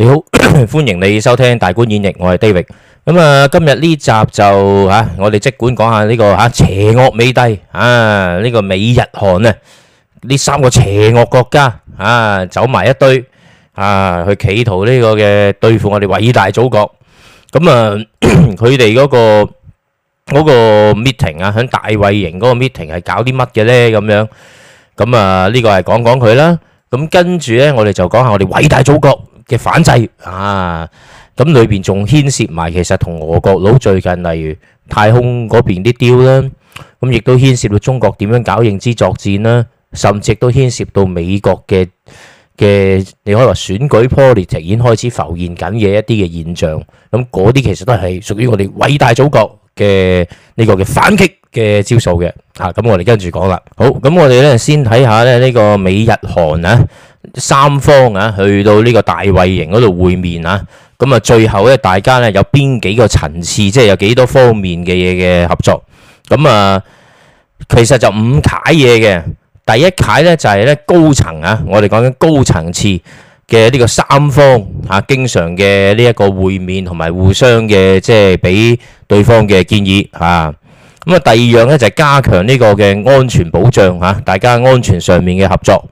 你好，歡迎你收聽《大觀演繹》，我係 David 咁啊。今日呢集就吓，我哋即管講下呢個吓邪惡美帝啊，呢個美日韓呢呢三個邪惡國家啊，走埋一堆啊，去企圖呢個嘅對付我哋偉大祖國。咁啊，佢哋嗰個嗰個 meeting 啊，響大衛營嗰個 meeting 係搞啲乜嘅呢？咁樣咁啊，呢個係講講佢啦。咁跟住呢，我哋就講下我哋偉大祖國嘅反制啊，咁裏邊仲牽涉埋其實同俄國佬最近，例如太空嗰邊啲雕啦，咁亦都牽涉到中國點樣搞認知作戰啦，甚至都牽涉到美國嘅嘅，你可以話選舉 politics 已經開始浮現緊嘅一啲嘅現象，咁嗰啲其實都係屬於我哋偉大祖國嘅呢，這個嘅反擊嘅招數嘅吓，咁、啊、我哋跟住講啦。好，咁，我哋咧先睇下咧呢個美日韓啊三方啊去到呢個大衛營嗰度會面啊。咁、嗯、啊，最後咧大家咧有邊幾個層次，即係有幾多方面嘅嘢嘅合作。咁、嗯、啊，其實就五楷嘢嘅第一楷咧就係、是、咧高層啊，我哋講緊高層次嘅呢個三方嚇，經常嘅呢一個會面同埋互相嘅，即係俾對方嘅建議嚇，咁啊第二樣呢就係加強呢個嘅安全保障嚇，大家安全上面嘅合作。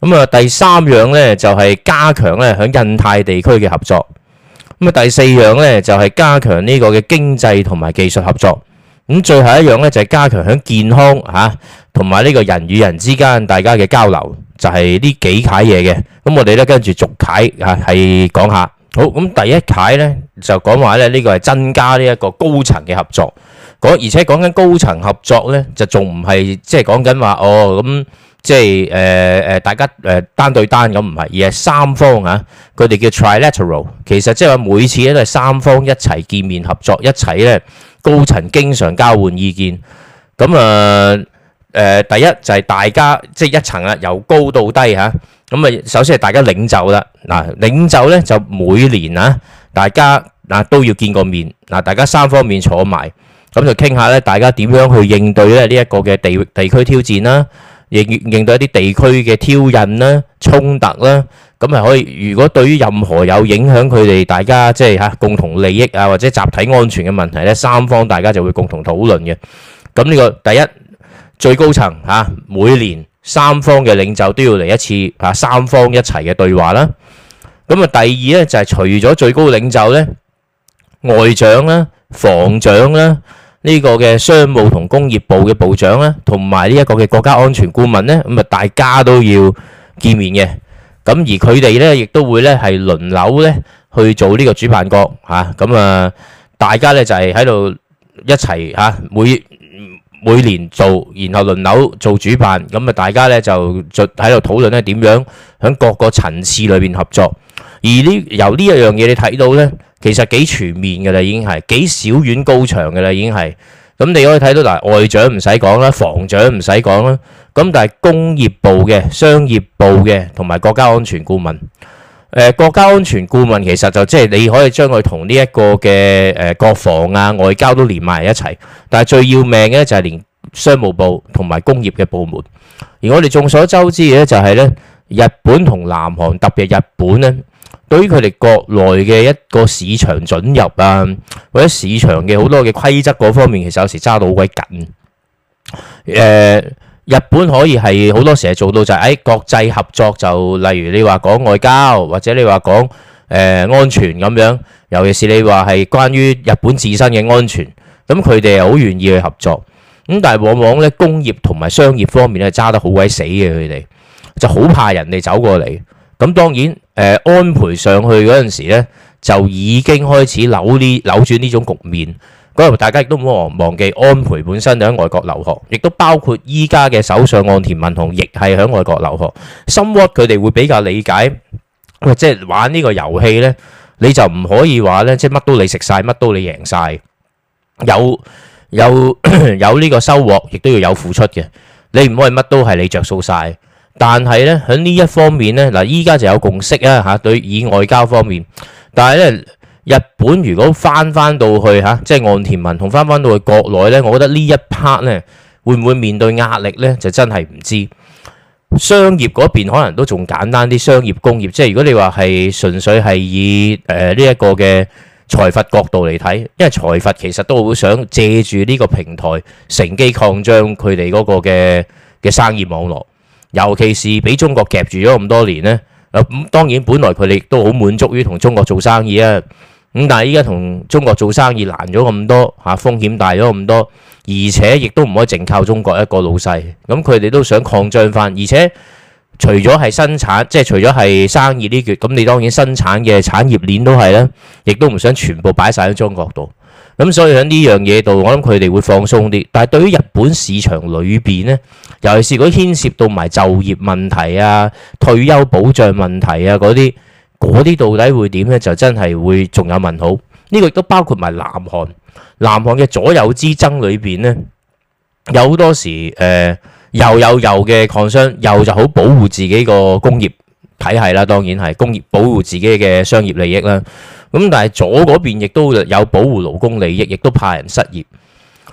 咁啊第三樣呢就係加強呢喺印太地區嘅合作。咁啊第四樣呢就係加強呢個嘅經濟同埋技術合作。咁最後一樣呢就係加強喺健康嚇同埋呢個人與人之間大家嘅交流。就係呢幾塊嘢嘅，咁我哋咧跟住逐塊嚇係講下。好，咁第一塊咧就講話咧呢個係增加呢一個高層嘅合作。講而且講緊高層合作咧，就仲唔係即係講緊話哦，咁即係誒誒大家誒單對單咁唔係，而係三方嚇佢哋叫 trilateral。其實即係話每次咧都係三方一齊見面合作，一齊咧高層經常交換意見。咁誒。誒，第一就係大家即係一層啦，由高到低嚇咁啊。首先係大家領袖啦，嗱領袖咧就每年啊，大家嗱都要見個面嗱，大家三方面坐埋咁就傾下咧，大家點樣去應對咧呢一個嘅地域地區挑戰啦，應應對一啲地區嘅挑釁啦、衝突啦，咁啊可以。如果對於任何有影響佢哋大家即係嚇共同利益啊，或者集體安全嘅問題咧，三方大家就會共同討論嘅。咁呢個第一。最高層吓，每年每年做，然後輪流做主辦，咁啊大家咧就就喺度討論咧點樣喺各個層次裏邊合作。而呢由呢一樣嘢你睇到呢，其實幾全面嘅啦，已經係幾小院高牆嘅啦，已經係。咁你可以睇到嗱，外長唔使講啦，防長唔使講啦，咁但係工業部嘅、商業部嘅同埋國家安全顧問。誒國家安全顧問其實就即係你可以將佢同呢一個嘅誒國防啊、外交都連埋一齊，但係最要命嘅就係連商務部同埋工業嘅部門。而我哋眾所周知嘅就係咧，日本同南韓特別日本咧，對於佢哋國內嘅一個市場准入啊，或者市場嘅好多嘅規則嗰方面，其實有時揸到好鬼緊。誒。日本可以係好多時候做到就係、是、誒、哎、國際合作就，就例如你話講外交，或者你話講誒安全咁樣。尤其是你話係關於日本自身嘅安全，咁佢哋又好願意去合作。咁但係往往呢，工業同埋商業方面咧揸得好鬼死嘅佢哋，就好怕人哋走過嚟。咁當然誒、呃，安倍上去嗰陣時咧，就已經開始扭呢扭轉呢種局面。各位大家亦都唔好忘記，安倍本身就喺外國留學，亦都包括依家嘅首相岸田文雄，亦係喺外國留學。somewhere 佢哋會比較理解，喂，即係玩呢個遊戲咧，你就唔可以話咧，即係乜都你食曬，乜都你贏曬，有有有呢個收穫，亦都要有付出嘅。你唔可以乜都係你著數曬。但係咧，喺呢一方面咧，嗱依家就有共識啊嚇，對以外交方面，但係咧。日本如果翻翻到去嚇，即係岸田文雄翻翻到去國內呢，我覺得一呢一 part 呢會唔會面對壓力呢？就真係唔知。商業嗰邊可能都仲簡單啲。商業工業，即係如果你話係純粹係以誒呢一個嘅財閥角度嚟睇，因為財閥其實都好想借住呢個平台乘機擴張佢哋嗰個嘅嘅生意網絡，尤其是俾中國夾住咗咁多年呢。咁當然本來佢哋都好滿足於同中國做生意啊。咁但係依家同中國做生意難咗咁多，吓風險大咗咁多，而且亦都唔可以淨靠中國一個老細。咁佢哋都想擴張返，而且除咗係生產，即係除咗係生意呢橛，咁你當然生產嘅產業鏈都係啦，亦都唔想全部擺晒喺中國度。咁所以喺呢樣嘢度，我諗佢哋會放鬆啲。但係對於日本市場裏邊咧，尤其是如果牽涉到埋就業問題啊、退休保障問題啊嗰啲。嗰啲到底會點呢？就真係會仲有問號。呢個亦都包括埋南韓，南韓嘅左右之爭裏邊呢，有好多時誒，右有右嘅擴商，右就好保護自己個工業體系啦，當然係工業保護自己嘅商業利益啦。咁但係左嗰邊亦都有保護勞工利益，亦都怕人失業。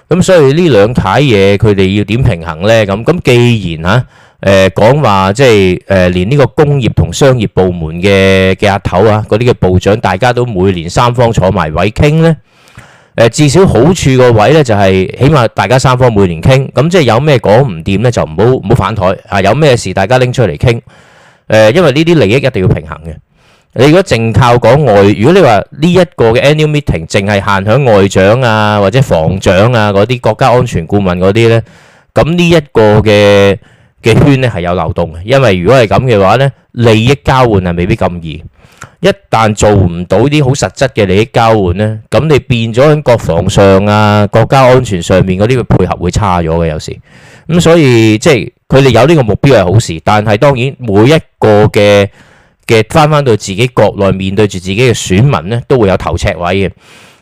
咁所以呢兩睇嘢，佢哋要點平衡呢？咁咁既然嚇。啊誒講話，即係誒連呢個工業同商業部門嘅嘅阿頭啊，嗰啲嘅部長，大家都每年三方坐埋位傾呢。誒至少好處個位呢，就係起碼大家三方每年傾，咁即係有咩講唔掂呢，就唔好唔好反台啊，有咩事大家拎出嚟傾。誒，因為呢啲利益一定要平衡嘅。你如果淨靠講外，如果你話呢一個嘅 annual meeting 淨係限響外長啊或者防長啊嗰啲國家安全顧問嗰啲呢，咁呢一個嘅。嘅圈咧係有漏洞嘅，因為如果係咁嘅話咧，利益交換係未必咁易。一旦做唔到啲好實質嘅利益交換咧，咁你變咗喺國防上啊、國家安全上面嗰啲嘅配合會差咗嘅有時。咁所以即係佢哋有呢個目標係好事，但係當然每一個嘅嘅翻翻到自己國內面對住自己嘅選民咧，都會有頭赤位嘅。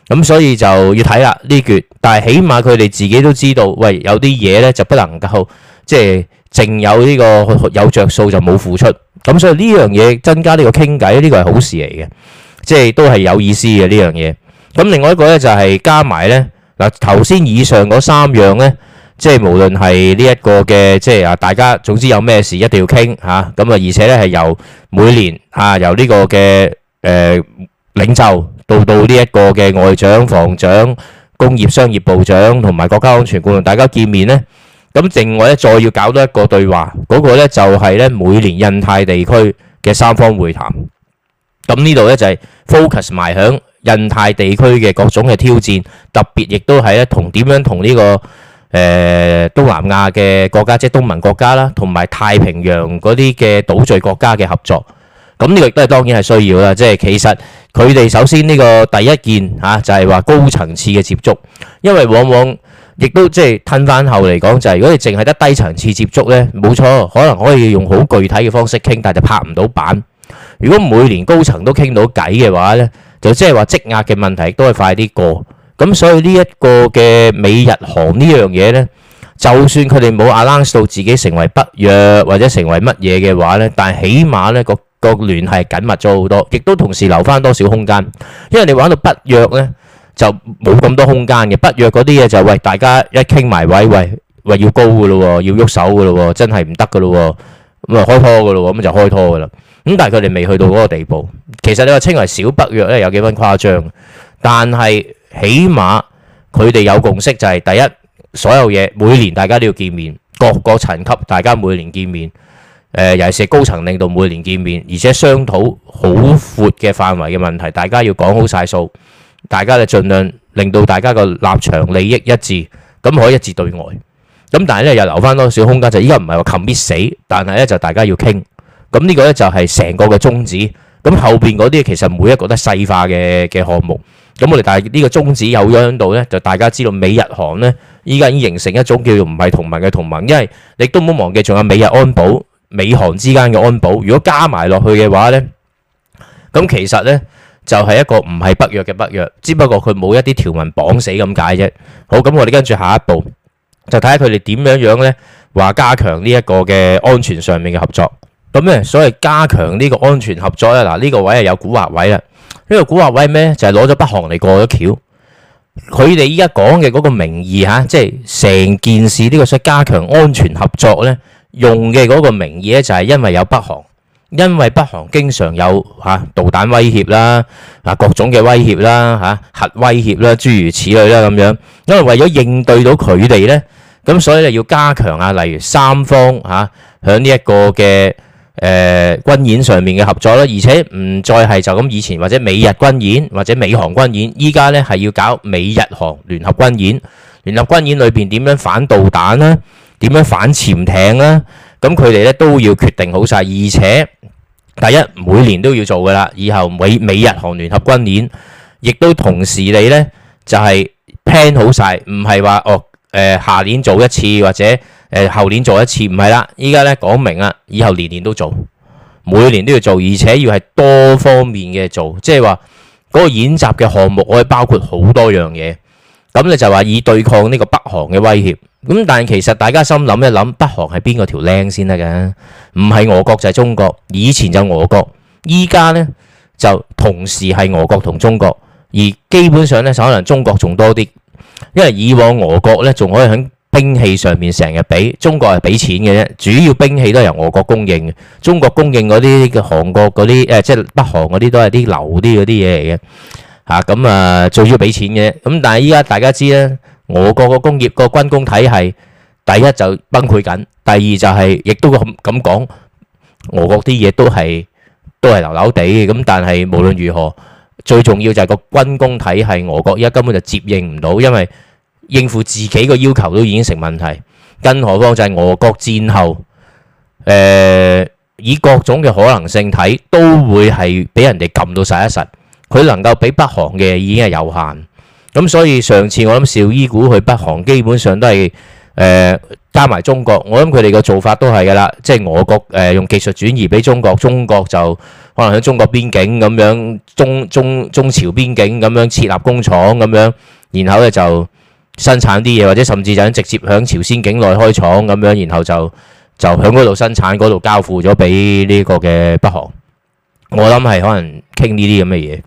咁所以就要睇啦呢橛，但係起碼佢哋自己都知道，喂，有啲嘢咧就不能夠即係。淨有呢個有着數就冇付出，咁所以呢樣嘢增加呢個傾偈呢個係好事嚟嘅，即係都係有意思嘅呢樣嘢。咁另外一個呢，就係加埋呢嗱頭先以上嗰三樣呢，即係無論係呢一個嘅即係啊，大家總之有咩事一定要傾嚇，咁啊而且咧係由每年嚇、啊、由呢個嘅誒、呃、領袖到到呢一個嘅外長、防長、工業、商業部長同埋國家安全顧問大家見面呢。咁另外咧，再要搞多一個對話，嗰個咧就係咧每年印太地區嘅三方會談。咁呢度咧就係 focus 埋響印太地區嘅各種嘅挑戰，特別亦都係咧同點樣同呢個誒東南亞嘅國家即係東盟國家啦，同埋太平洋嗰啲嘅島嶼國家嘅合作。咁呢個亦都係當然係需要啦。即係其實佢哋首先呢個第一件嚇就係話高層次嘅接觸，因為往往。亦都即係褪翻後嚟講、就是，就係如果你淨係得低層次接觸呢，冇錯，可能可以用好具體嘅方式傾，但就拍唔到板。如果每年高層都傾到偈嘅話呢，就即係話積壓嘅問題都係快啲過。咁所以呢一個嘅美日韓呢樣嘢呢，就算佢哋冇 align 到自己成為北約或者成為乜嘢嘅話呢，但係起碼呢個個聯繫緊密咗好多，亦都同時留翻多少空間，因為你玩到北約呢，就冇咁多空間嘅北約嗰啲嘢就係、喂，大家一傾埋位，喂喂要高嘅咯，要喐手嘅咯，真係唔得嘅咯咁啊，開拖嘅咯咁，就開拖嘅啦。咁但係佢哋未去到嗰個地步。其實你話稱為小北約呢，有幾分誇張，但係起碼佢哋有共識就係、是、第一，所有嘢每年大家都要見面，各個層級大家每年見面，誒、呃、尤其是高層領導每年見面，而且商討好闊嘅範圍嘅問題，大家要講好晒數。大家咧，盡量令到大家個立場利益一致，咁可以一致對外。咁但係咧又留翻多少空間，就依家唔係話求必死，但係咧就大家要傾。咁呢個咧就係成個嘅宗旨。咁後邊嗰啲其實每一個都細化嘅嘅項目。咁我哋但係呢個宗旨有咗喺度咧，就大家知道美日韓咧依家已經形成一種叫做唔係同盟嘅同盟，因為你都唔好忘記仲有美日安保、美韓之間嘅安保。如果加埋落去嘅話咧，咁其實咧。就係一個唔係北約嘅北約，只不過佢冇一啲條文綁死咁解啫。好咁，我哋跟住下一步就睇下佢哋點樣樣呢？話加強呢一個嘅安全上面嘅合作。咁、嗯、咧，所謂加強呢個安全合作咧，嗱、這、呢個位係有股惑位啦。這個、位呢個蠱惑位咩？就係攞咗北韓嚟過咗橋。佢哋依家講嘅嗰個名義吓、啊，即係成件事呢個想加強安全合作呢，用嘅嗰個名義呢，就係、是、因為有北韓。因為北韓經常有嚇導彈威脅啦，啊各種嘅威脅啦嚇核威脅啦，諸如此類啦咁樣。因為為咗應對到佢哋咧，咁所以咧要加強啊，例如三方嚇喺呢一個嘅誒、呃、軍演上面嘅合作啦，而且唔再係就咁以前或者美日軍演或者美韓軍演，依家咧係要搞美日韓聯合軍演。聯合軍演裏邊點樣反導彈啦，點樣反潛艇啦？咁佢哋咧都要決定好晒。而且第一每年都要做噶啦，以後美美日韓聯合軍演，亦都同時你呢就係、是、plan 好晒，唔係話哦誒、呃、下年做一次或者誒、呃、後年做一次，唔係啦，依家呢講明啦，以後年年都做，每年都要做，而且要係多方面嘅做，即係話嗰個演習嘅項目可以包括好多樣嘢，咁你就話以對抗呢個北韓嘅威脅。咁但係其實大家心諗一諗，北韓係邊個條靚先得㗎？唔係俄國就係中國，以前就俄國，依家呢就同時係俄國同中國，而基本上呢可能中國仲多啲，因為以往俄國呢仲可以喺兵器上面成日畀中國，係畀錢嘅啫，主要兵器都係由俄國供應，中國供應嗰啲嘅韓國嗰啲誒，即係北韓嗰啲都係啲流啲嗰啲嘢嚟嘅，吓咁啊，最主要畀錢嘅，咁但係依家大家知啦。俄國個工業個軍工體系，第一就崩潰緊，第二就係，亦都咁咁講，俄國啲嘢都係都係流流地嘅。咁但係無論如何，最重要就係個軍工體系，俄國而家根本就接應唔到，因為應付自己個要求都已經成問題，更何況就係俄國戰後，誒以各種嘅可能性睇，都會係俾人哋撳到實一實，佢能夠俾北韓嘅已經係有限。咁所以上次我諗紹伊古去北韓基本上都係誒、呃、加埋中國，我諗佢哋嘅做法都係噶啦，即係俄國誒、呃、用技術轉移俾中國，中國就可能喺中國邊境咁樣中中中朝邊境咁樣設立工廠咁樣，然後咧就生產啲嘢，或者甚至就係直接喺朝鮮境內開廠咁樣，然後就就喺嗰度生產嗰度交付咗俾呢個嘅北韓，我諗係可能傾呢啲咁嘅嘢。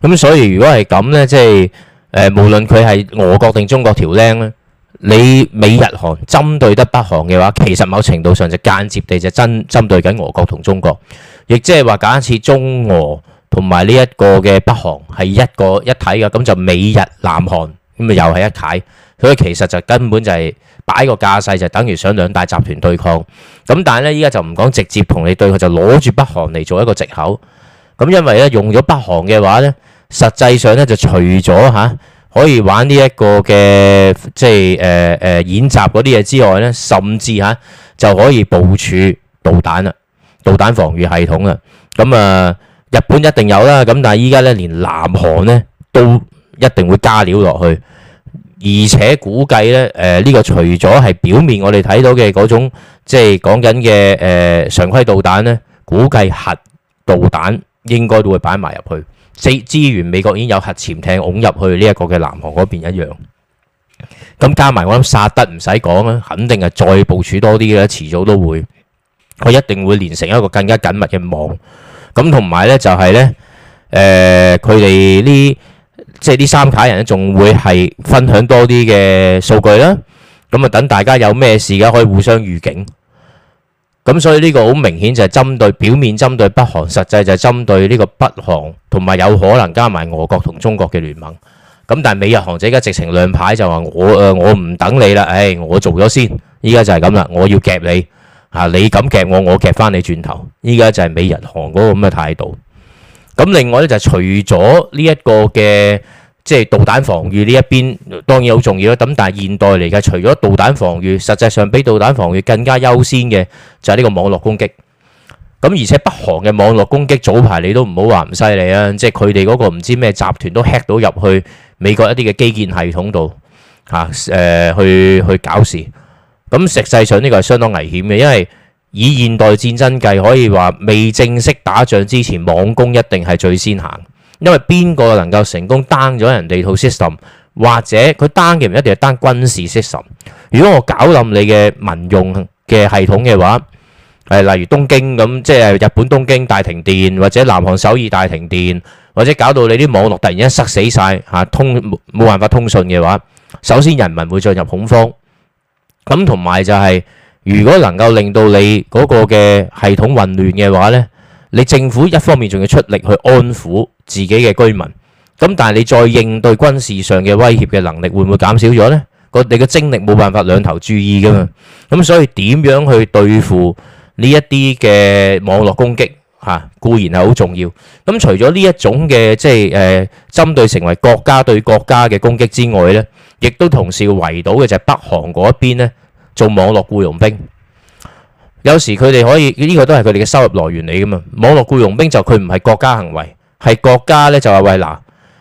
咁所以如果係咁咧，即係誒，無論佢係俄國定中國調釘咧，你美日韓針對得北韓嘅話，其實某程度上就間接地就針針對緊俄國同中國，亦即係話假設中俄同埋呢一個嘅北韓係一個一體嘅，咁就美日南韓咁咪又係一體，所以其實就根本就係擺個架勢，就等於想兩大集團對抗。咁但係咧，依家就唔講直接同你對抗，就攞住北韓嚟做一個藉口。咁因為咧，用咗北韓嘅話咧。實際上咧，就除咗吓可以玩呢一個嘅即係誒誒，演習嗰啲嘢之外咧，甚至吓、啊、就可以部署導彈啦，導彈防禦系統啦。咁啊、呃，日本一定有啦。咁但係依家咧，連南韓咧都一定會加料落去，而且估計咧誒，呢個除咗係表面我哋睇到嘅嗰種即係講緊嘅誒常規導彈咧，估計核導彈應該都會擺埋入去。資資源，美國已經有核潛艇㧬入去呢一個嘅南韓嗰邊一樣。咁加埋我諗，薩德唔使講啦，肯定係再部署多啲嘅，遲早都會佢一定會連成一個更加緊密嘅網。咁同埋呢，就係呢，誒佢哋呢即係呢三卡人仲會係分享多啲嘅數據啦。咁啊，等大家有咩事嘅，可以互相預警。咁所以呢個好明顯就係針對，表面針對北韓，實際就係針對呢個北韓，同埋有，有可能加埋俄國同中國嘅聯盟。咁但係美日韓即家直情亮牌就話，我誒我唔等你啦，誒、哎、我做咗先，依家就係咁啦，我要夾你啊！你敢夾我，我夾翻你轉頭。依家就係美日韓嗰個咁嘅態度。咁另外呢，就係除咗呢一個嘅。即係導彈防禦呢一邊當然好重要咯，咁但係現代嚟嘅除咗導彈防禦，實際上比導彈防禦更加優先嘅就係呢個網絡攻擊。咁而且北韓嘅網絡攻擊早排你都唔好話唔犀利啊！即係佢哋嗰個唔知咩集團都 hack 到入去美國一啲嘅基建系統度嚇，誒、啊呃、去去搞事。咁實際上呢個係相當危險嘅，因為以現代戰爭計，可以話未正式打仗之前，網攻一定係最先行。因為邊個能夠成功 down 咗人哋套 system，或者佢 down 嘅唔一定係 down 軍事 system。如果我搞冧你嘅民用嘅系統嘅話，誒，例如東京咁，即係日本東京大停電，或者南韓首爾大停電，或者搞到你啲網絡突然間塞死曬嚇，通冇冇辦法通訊嘅話，首先人民會進入恐慌。咁同埋就係，如果能夠令到你嗰個嘅系統混亂嘅話呢。你政府一方面仲要出力去安撫自己嘅居民，咁但係你再應對軍事上嘅威脅嘅能力會唔會減少咗咧？個你嘅精力冇辦法兩頭注意噶嘛，咁所以點樣去對付呢一啲嘅網絡攻擊，吓固然係好重要。咁除咗呢一種嘅即係誒，針對成為國家對國家嘅攻擊之外咧，亦都同時圍堵嘅就係北韓嗰一邊咧做網絡僱傭兵。有時佢哋可以呢、這個都係佢哋嘅收入來源嚟噶嘛？網絡僱傭兵就佢唔係國家行為，係國家咧就話喂嗱誒、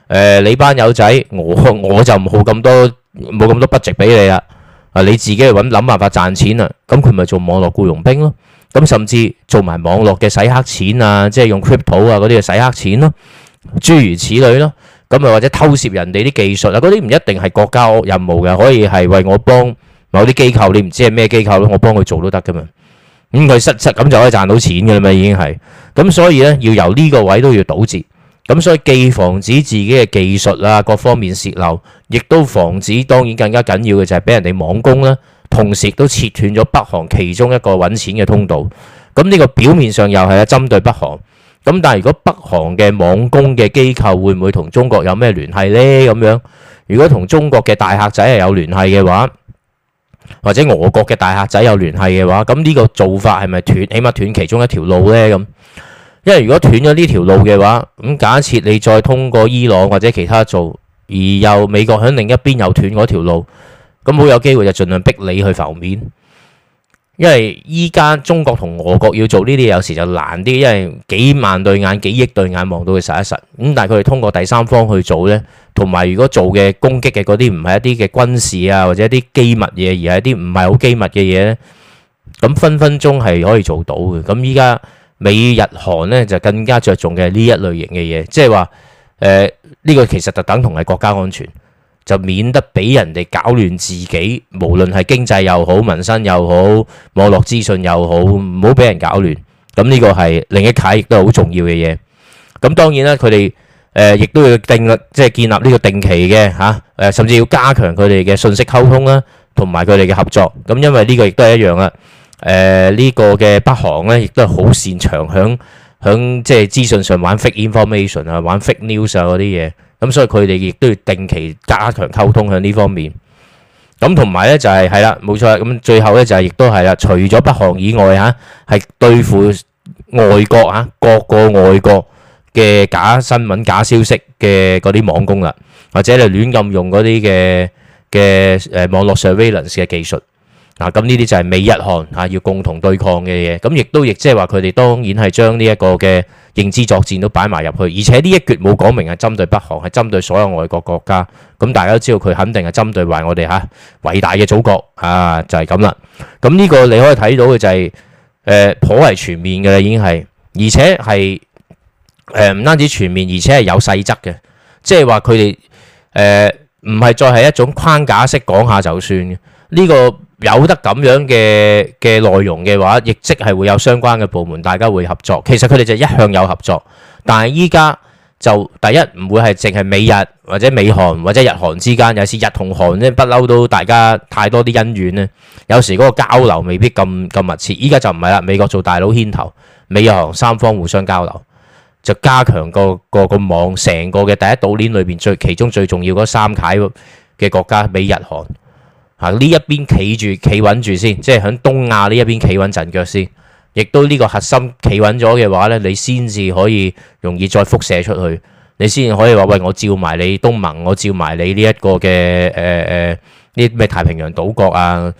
呃，你班友仔我我就唔好咁多冇咁多筆值俾你啦啊！你自己去揾諗辦法賺錢啊，咁佢咪做網絡僱傭兵咯？咁甚至做埋網絡嘅洗黑錢啊，即係用 crypto 啊嗰啲洗黑錢咯，諸如此類咯。咁啊，或者偷竊人哋啲技術啊，嗰啲唔一定係國家任務嘅，可以係為我幫某啲機構，你唔知係咩機構咯，我幫佢做都得噶嘛。咁佢失失咁就可以賺到錢噶啦嘛，已經係咁，所以咧要由呢個位都要堵截，咁所以既防止自己嘅技術啊各方面泄漏，亦都防止當然更加緊要嘅就係俾人哋網攻啦，同時亦都切斷咗北韓其中一個揾錢嘅通道。咁呢個表面上又係啊針對北韓，咁但係如果北韓嘅網攻嘅機構會唔會同中國有咩聯繫呢？咁樣如果同中國嘅大客仔係有聯繫嘅話？或者俄國嘅大客仔有聯繫嘅話，咁呢個做法係咪斷？起碼斷其中一條路呢。咁。因為如果斷咗呢條路嘅話，咁假設你再通過伊朗或者其他做，而又美國喺另一邊又斷嗰條路，咁好有機會就儘量逼你去浮面。因為依家中國同俄國要做呢啲有時就難啲，因為幾萬對眼、幾億對眼望到佢實一實。咁但係佢哋通過第三方去做呢，同埋如果做嘅攻擊嘅嗰啲唔係一啲嘅軍事啊或者一啲機密嘢，而係一啲唔係好機密嘅嘢呢，咁分分鐘係可以做到嘅。咁依家美日韓呢，就更加着重嘅呢一類型嘅嘢，即係話誒呢個其實就等同係國家安全。就免得俾人哋搞亂自己，無論係經濟又好、民生又好、網絡資訊又好，唔好俾人搞亂。咁呢個係另一卡，亦都係好重要嘅嘢。咁當然啦，佢哋誒亦都要定，即係建立呢個定期嘅嚇，誒甚至要加強佢哋嘅信息溝通啦，同埋佢哋嘅合作。咁因為呢個亦都係一樣啊。誒呢個嘅北韓咧，亦都係好擅長響響即係資訊上玩 fake information 啊，玩 fake news 啊嗰啲嘢。咁所以佢哋亦都要定期加強溝通喺呢方面，咁同埋咧就係係啦，冇錯啦。咁最後咧就係亦都係啦，除咗北韓以外吓，係、啊、對付外國吓、啊，各個外國嘅假新聞假消息嘅啲網工啦，或者你亂咁用啲嘅嘅誒網絡 surveillance 嘅技術。嗱，咁呢啲就係美日韓嚇，要共同對抗嘅嘢。咁、啊、亦都亦即係話，佢哋當然係將呢一個嘅認知作戰都擺埋入去，而且呢一厥冇講明係針對北韓，係針對所有外國國家。咁、啊、大家都知道佢肯定係針對埋我哋吓、啊，偉大嘅祖國啊，就係咁啦。咁、啊、呢、這個你可以睇到嘅就係、是、誒、呃，頗為全面嘅啦，已經係，而且係誒唔單止全面，而且係有細則嘅，即係話佢哋誒唔係再係一種框架式講下就算呢、這個。有得咁樣嘅嘅內容嘅話，亦即係會有相關嘅部門，大家會合作。其實佢哋就一向有合作，但係依家就第一唔會係淨係美日或者美韓或者日韓之間，有時日同韓咧不嬲都大家太多啲恩怨咧，有時嗰個交流未必咁咁密切。依家就唔係啦，美國做大佬牽頭，美日韓三方互相交流，就加強個個個網成個嘅第一島鏈裏邊最其中最重要嗰三軌嘅國家，美日韓。啊！呢一邊企住企穩住先，即係喺東亞呢一邊企穩陣腳先，亦都呢個核心企穩咗嘅話呢，你先至可以容易再輻射出去，你先可以話喂，我照埋你東盟，我照埋你呢一個嘅誒誒呢咩太平洋島國啊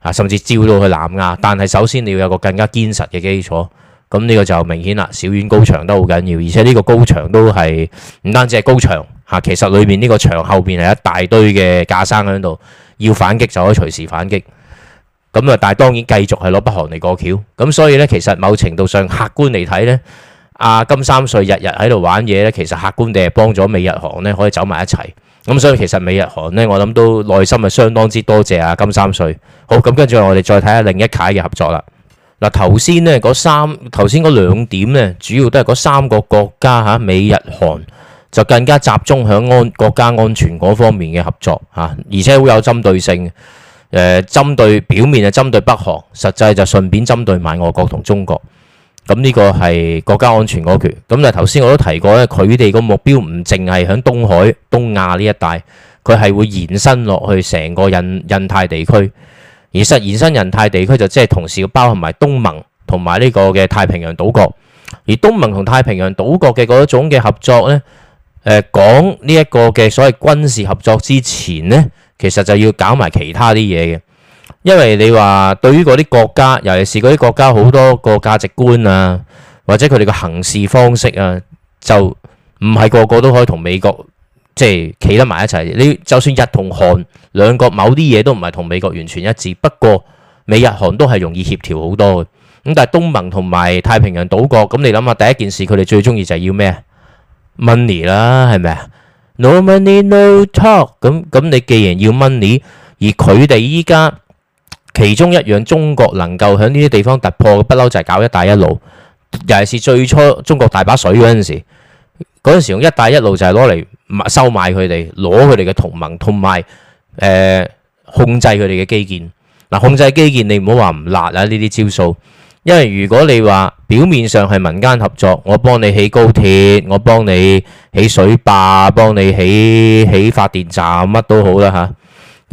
啊，甚至照到去南亞。但係首先你要有個更加堅實嘅基礎，咁呢個就明顯啦，小院高牆都好緊要，而且呢個高牆都係唔單止係高牆嚇、啊，其實裏面呢個牆後邊係一大堆嘅架生喺度。要反擊就可以隨時反擊，咁啊！但係當然繼續係攞北韓嚟過橋，咁所以咧，其實某程度上客觀嚟睇咧，阿金三歲日日喺度玩嘢咧，其實客觀地係幫咗美日韓咧可以走埋一齊，咁所以其實美日韓咧，我諗都內心係相當之多謝阿金三歲。好，咁跟住我哋再睇下另一啓嘅合作啦。嗱，頭先咧嗰三頭先嗰兩點咧，主要都係嗰三個國家嚇美日韓。就更加集中響安國家安全嗰方面嘅合作嚇，而且好有針對性。誒針對表面係針對北韓，實際就順便針對埋外國同中國，咁、這、呢個係國家安全嗰橛。但係頭先我都提過咧，佢哋個目標唔淨係響東海、東亞呢一帶，佢係會延伸落去成個印印太地區，而實延伸印太地區就即係同時要包含埋東盟同埋呢個嘅太平洋島國，而東盟同太平洋島國嘅嗰一種嘅合作咧。誒講呢一個嘅所謂軍事合作之前呢，其實就要搞埋其他啲嘢嘅，因為你話對於嗰啲國家，尤其是嗰啲國家好多個價值觀啊，或者佢哋嘅行事方式啊，就唔係個個都可以同美國即係企得埋一齊。你就算日同韓兩國某啲嘢都唔係同美國完全一致，不過美日韓都係容易協調好多嘅。咁但係東盟同埋太平洋島國，咁你諗下第一件事佢哋最鍾意就係要咩？money 啦，係咪啊？No money, no talk。咁咁，你既然要 money，而佢哋依家其中一樣，中國能夠喺呢啲地方突破，不嬲就係搞一帶一路。尤其是最初中國大把水嗰陣時，嗰陣時用一帶一路就係攞嚟收買佢哋，攞佢哋嘅同盟，同埋誒控制佢哋嘅基建。嗱，控制基建你，你唔好話唔辣啊！呢啲招數。因為如果你話表面上係民間合作，我幫你起高鐵，我幫你起水壩，幫你起起發電站，乜都好啦吓，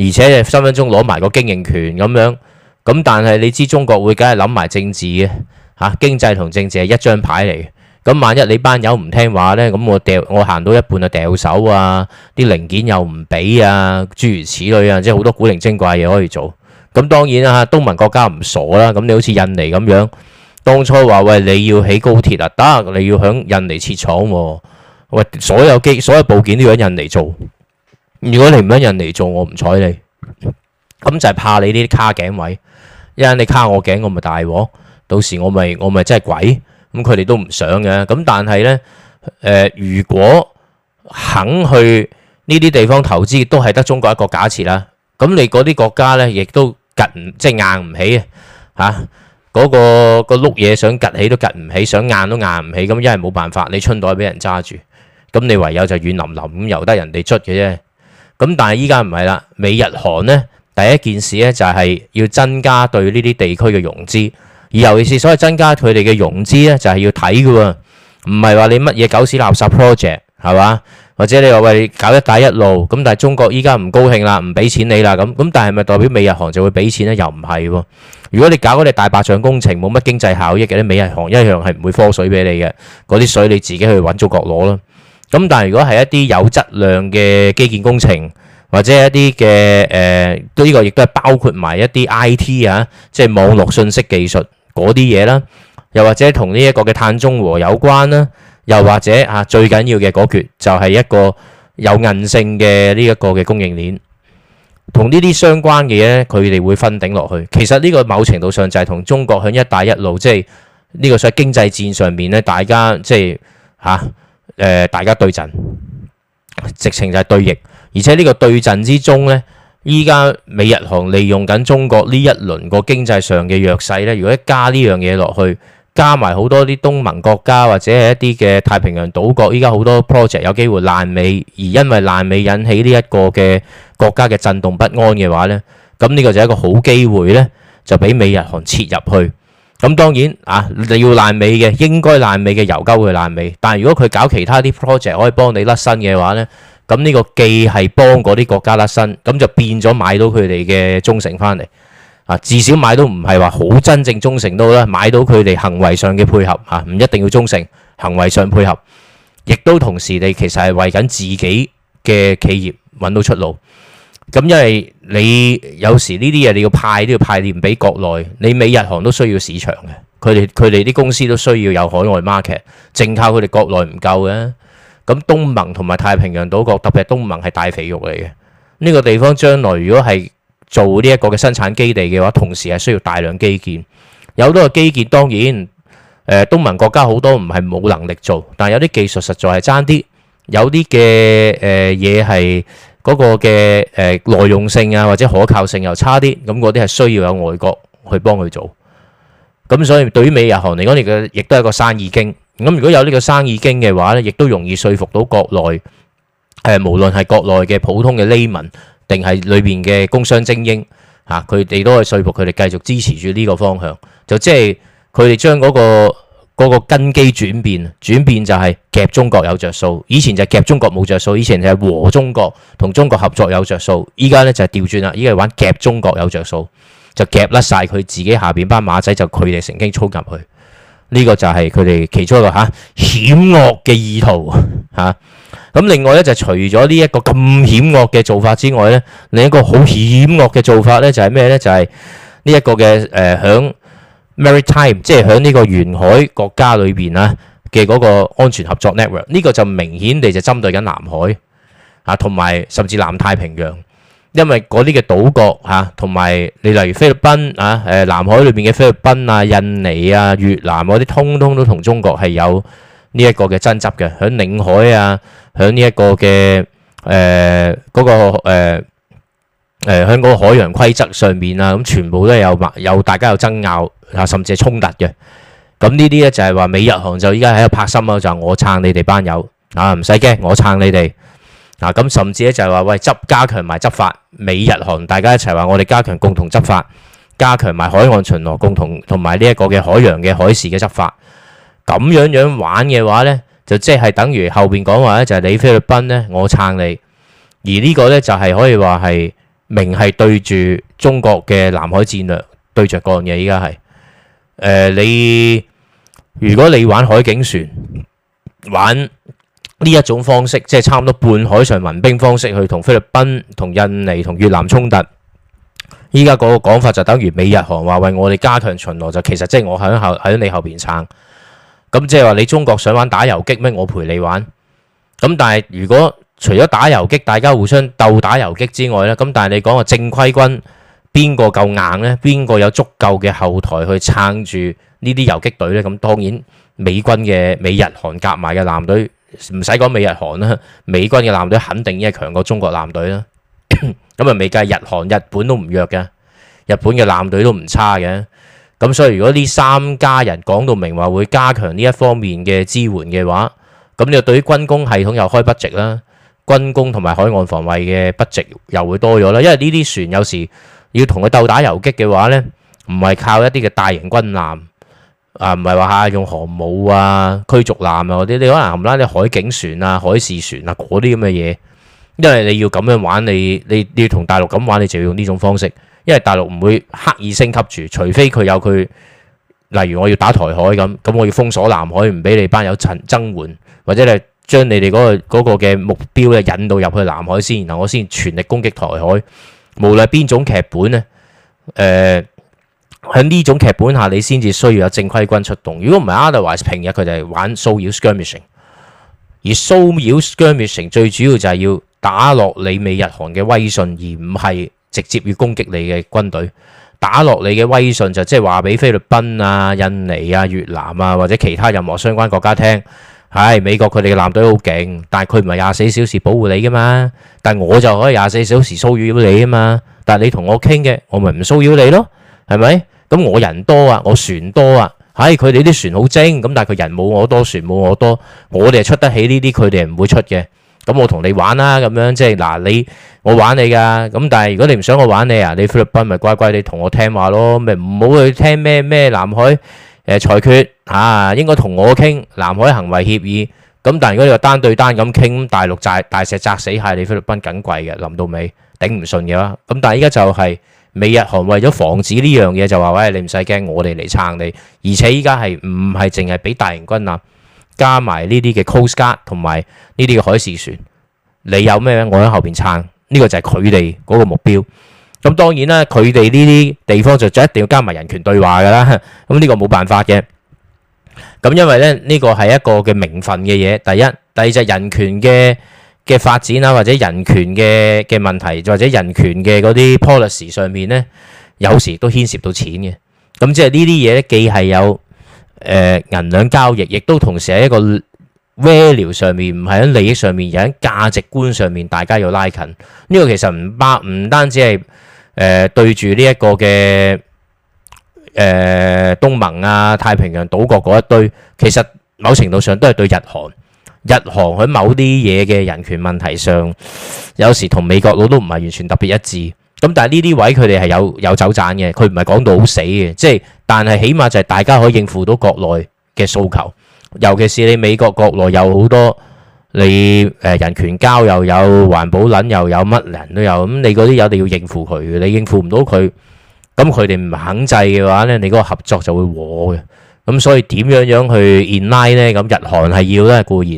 而且又分分鐘攞埋個經營權咁樣，咁但係你知中國會梗係諗埋政治嘅吓，啊，經濟同政治係一張牌嚟，咁萬一你班友唔聽話呢，咁我掉我行到一半就掉手啊，啲零件又唔俾啊，諸如此類啊，即係好多古靈精怪嘢可以做。咁當然啦、啊，東盟國家唔傻啦。咁你好似印尼咁樣，當初話喂你要起高鐵啊，得你要響印尼設廠喎、啊。喂，所有機所有部件都要響印尼做。如果你唔喺印尼做，我唔睬你。咁就係怕你呢啲卡頸位，一陣你卡我頸，我咪大鑊。到時我咪我咪真係鬼。咁佢哋都唔想嘅。咁但係呢，誒、呃、如果肯去呢啲地方投資，都係得中國一個假設啦。咁你嗰啲國家呢，亦都。趌即係硬唔起啊！嚇，嗰個，嗰個碌嘢想趌起都趌唔起，想硬都硬唔起。咁因為冇辦法，你春袋俾人揸住，咁你唯有就軟淋淋咁由得人哋出嘅啫。咁但係依家唔係啦，美日韓呢，第一件事呢就係要增加對呢啲地區嘅融資，而尤其是所謂增加佢哋嘅融資呢，就係要睇嘅喎，唔係話你乜嘢狗屎垃圾 project。係嘛？或者你話喂你搞一帶一路咁，但係中國依家唔高興啦，唔俾錢你啦咁咁，但係咪代表美日韓就會俾錢咧？又唔係喎。如果你搞嗰啲大白象工程冇乜經濟效益嘅，啲美日韓一樣係唔會科水俾你嘅。嗰啲水你自己去揾祖國攞咯。咁但係如果係一啲有質量嘅基建工程，或者一啲嘅誒，呢、呃呢個亦都係包括埋一啲 I T 啊，即係網絡信息技術嗰啲嘢啦，又或者同呢一個嘅碳中和有關啦。又或者啊，最緊要嘅嗰橛就係一個有韌性嘅呢一個嘅供應鏈，同呢啲相關嘅嘢咧，佢哋會分頂落去。其實呢個某程度上就係同中國響一帶一路，即係呢個所謂經濟戰上面咧，大家即係吓誒，大家對陣，直情就係對弈。而且呢個對陣之中咧，依家美日韓利用緊中國一輪呢一輪個經濟上嘅弱勢咧，如果一加呢樣嘢落去。加埋好多啲東盟國家或者係一啲嘅太平洋島國，依家好多 project 有機會爛尾，而因為爛尾引起呢一個嘅國家嘅震動不安嘅話呢，咁呢個就係一個好機會呢就俾美日韓切入去。咁當然啊，你要爛尾嘅，應該爛尾嘅由佢會爛尾，但係如果佢搞其他啲 project 可以幫你甩身嘅話呢，咁呢個既係幫嗰啲國家甩身，咁就變咗買到佢哋嘅忠誠翻嚟。至少買到唔係話好真正忠誠都啦，買到佢哋行為上嘅配合嚇，唔一定要忠誠，行為上配合，亦都同時你其實係為緊自己嘅企業揾到出路。咁因為你有時呢啲嘢你要派都要派念唔俾國內，你美日韓都需要市場嘅，佢哋佢哋啲公司都需要有海外 market，淨靠佢哋國內唔夠嘅。咁東盟同埋太平洋島國，特別係東盟係大肥肉嚟嘅，呢個地方將來如果係做呢一個嘅生產基地嘅話，同時係需要大量基建。有好多基建當然，誒東盟國家好多唔係冇能力做，但有啲技術實在係爭啲，有啲嘅誒嘢係嗰個嘅誒耐用性啊或者可靠性又差啲，咁嗰啲係需要有外國去幫佢做。咁所以對於美日韓嚟講，你嘅亦都係一個生意經。咁如果有呢個生意經嘅話咧，亦都容易說服到國內誒，無論係國內嘅普通嘅 layman。定係裏邊嘅工商精英嚇，佢、啊、哋都係説服佢哋繼續支持住呢個方向，就即係佢哋將嗰個嗰個根基轉變，轉變就係夾中國有着數，以前就夾中國冇着數，以前就係和中國同中國合作有着數，依家呢就係調轉啦，依家玩夾中國有着數，就夾甩晒佢自己下邊班馬仔，就佢哋曾經操入佢。呢、這個就係佢哋其中一個嚇、啊、險惡嘅意圖嚇。啊。咁另外咧就除咗呢一個咁險惡嘅做法之外咧，另一個好險惡嘅做法咧就係咩咧？就係呢一個嘅誒，響、呃、Maritime，即係響呢個沿海國家裏邊啊嘅嗰個安全合作 network。呢個就明顯地就針對緊南海啊，同埋甚至南太平洋，因為嗰啲嘅島國嚇，啊，同埋你例如菲律賓啊，誒南海裏邊嘅菲律賓啊、印尼啊、越南嗰啲，通通都同中國係有。呢一個嘅爭執嘅喺領海啊，喺呢一個嘅誒嗰個誒誒喺嗰個海洋規則上面啊，咁全部都有埋有大家有爭拗啊，甚至係衝突嘅。咁呢啲咧就係話美日韓就依家喺度拍心啊，就係我撐你哋班友啊，唔使驚，我撐你哋啊。咁甚至咧就係話喂，執加強埋執法，美日韓大家一齊話我哋加強共同執法，加強埋海岸巡邏，共同同埋呢一個嘅海洋嘅海事嘅執法。咁樣樣玩嘅話呢，就即係等於後邊講話呢，就係、是、你菲律賓呢，我撐你。而呢個呢，就係可以話係明係對住中國嘅南海戰略對著幹嘢。依家係誒，你如果你玩海警船，玩呢一種方式，即係差唔多半海上民兵方式去同菲律賓、同印尼、同越南衝突。依家嗰個講法就等於美日韓話為我哋加強巡邏，就其實即係我響後喺你後邊撐。咁即係話你中國想玩打遊擊咩？我陪你玩。咁但係如果除咗打遊擊，大家互相鬥打遊擊之外呢，咁但係你講個正規軍邊個夠硬呢？邊個有足夠嘅後台去撐住呢啲遊擊隊呢？咁當然美軍嘅美日韓夾埋嘅艦隊，唔使講美日韓啦，美軍嘅艦隊肯定已經係強過中國艦隊啦。咁啊未計日韓，日本都唔弱嘅，日本嘅艦隊都唔差嘅。咁所以如果呢三家人講到明話會加強呢一方面嘅支援嘅話，咁你就對於軍工系統又開不值啦，軍工同埋海岸防衞嘅不值又會多咗啦。因為呢啲船有時要同佢鬥打遊擊嘅話呢，唔係靠一啲嘅大型軍艦啊，唔係話嚇用航母啊、驅逐艦啊嗰啲，你可能冚啦啲海警船啊、海事船啊嗰啲咁嘅嘢，因為你要咁樣玩你你要同大陸咁玩，你就要用呢種方式。因為大陸唔會刻意升級住，除非佢有佢，例如我要打台海咁，咁我要封鎖南海，唔俾你班友增援，或者咧將你哋嗰個嘅目標咧引到入去南海先，然後我先全力攻擊台海。無論邊種劇本呢。誒、呃，喺呢種劇本下，你先至需要有正規軍出動。如果唔係，otherwise 平日佢哋玩騷擾 skirmishing，而騷擾 skirmishing 最主要就係要打落你美日韓嘅威信，而唔係，直接要攻擊你嘅軍隊，打落你嘅威信就即係話俾菲律賓啊、印尼啊、越南啊或者其他任何相關國家聽，唉、哎，美國佢哋嘅艦隊好勁，但係佢唔係廿四小時保護你噶嘛，但係我就可以廿四小時騷擾你啊嘛，但係你同我傾嘅，我咪唔騷擾你咯，係咪？咁我人多啊，我船多啊，唉、哎，佢哋啲船好精，咁但係佢人冇我多，船冇我多，我哋係出得起呢啲，佢哋唔會出嘅。咁我同你玩啦，咁樣即係嗱，你我玩你噶，咁但係如果你唔想我玩你啊，你菲律賓咪乖乖地同我聽話咯，咪唔好去聽咩咩南海誒、呃、裁決吓、啊，應該同我傾南海行為協議。咁但係如果你話單對單咁傾，大陸大石砸死，係你菲律賓緊貴嘅，臨到尾頂唔順嘅啦。咁但係依家就係美日韓為咗防止呢樣嘢，就話喂，你唔使驚，我哋嚟撐你，而且依家係唔係淨係俾大型軍艦。加埋呢啲嘅 Coast Guard 同埋呢啲嘅海事船，你有咩我喺後邊撐，呢、這個就係佢哋嗰個目標。咁當然啦，佢哋呢啲地方就就一定要加埋人權對話噶啦。咁呢個冇辦法嘅。咁因為咧呢個係一個嘅名分嘅嘢。第一，第二就係人權嘅嘅發展啊，或者人權嘅嘅問題，或者人權嘅嗰啲 policy 上面呢，有時都牽涉到錢嘅。咁即係呢啲嘢咧，既係有。誒銀兩交易，亦都同時喺一個 value 上面，唔係喺利益上面，而喺價值觀上面，大家要拉近。呢個其實唔包唔單止係誒對住呢一個嘅誒東盟啊、太平洋島國嗰一堆，其實某程度上都係對日韓。日韓喺某啲嘢嘅人權問題上，有時同美國佬都唔係完全特別一致。咁但係呢啲位佢哋係有有走盞嘅，佢唔係講到好死嘅，即係。但係，起碼就係大家可以應付到國內嘅訴求，尤其是你美國國內有好多你誒人權膠又有環保撚又有乜人都有，咁你嗰啲有地要應付佢，你應付唔到佢，咁佢哋唔肯制嘅話咧，你嗰個合作就會和嘅。咁所以點樣樣去 in line 咧？咁日韓係要啦，固然，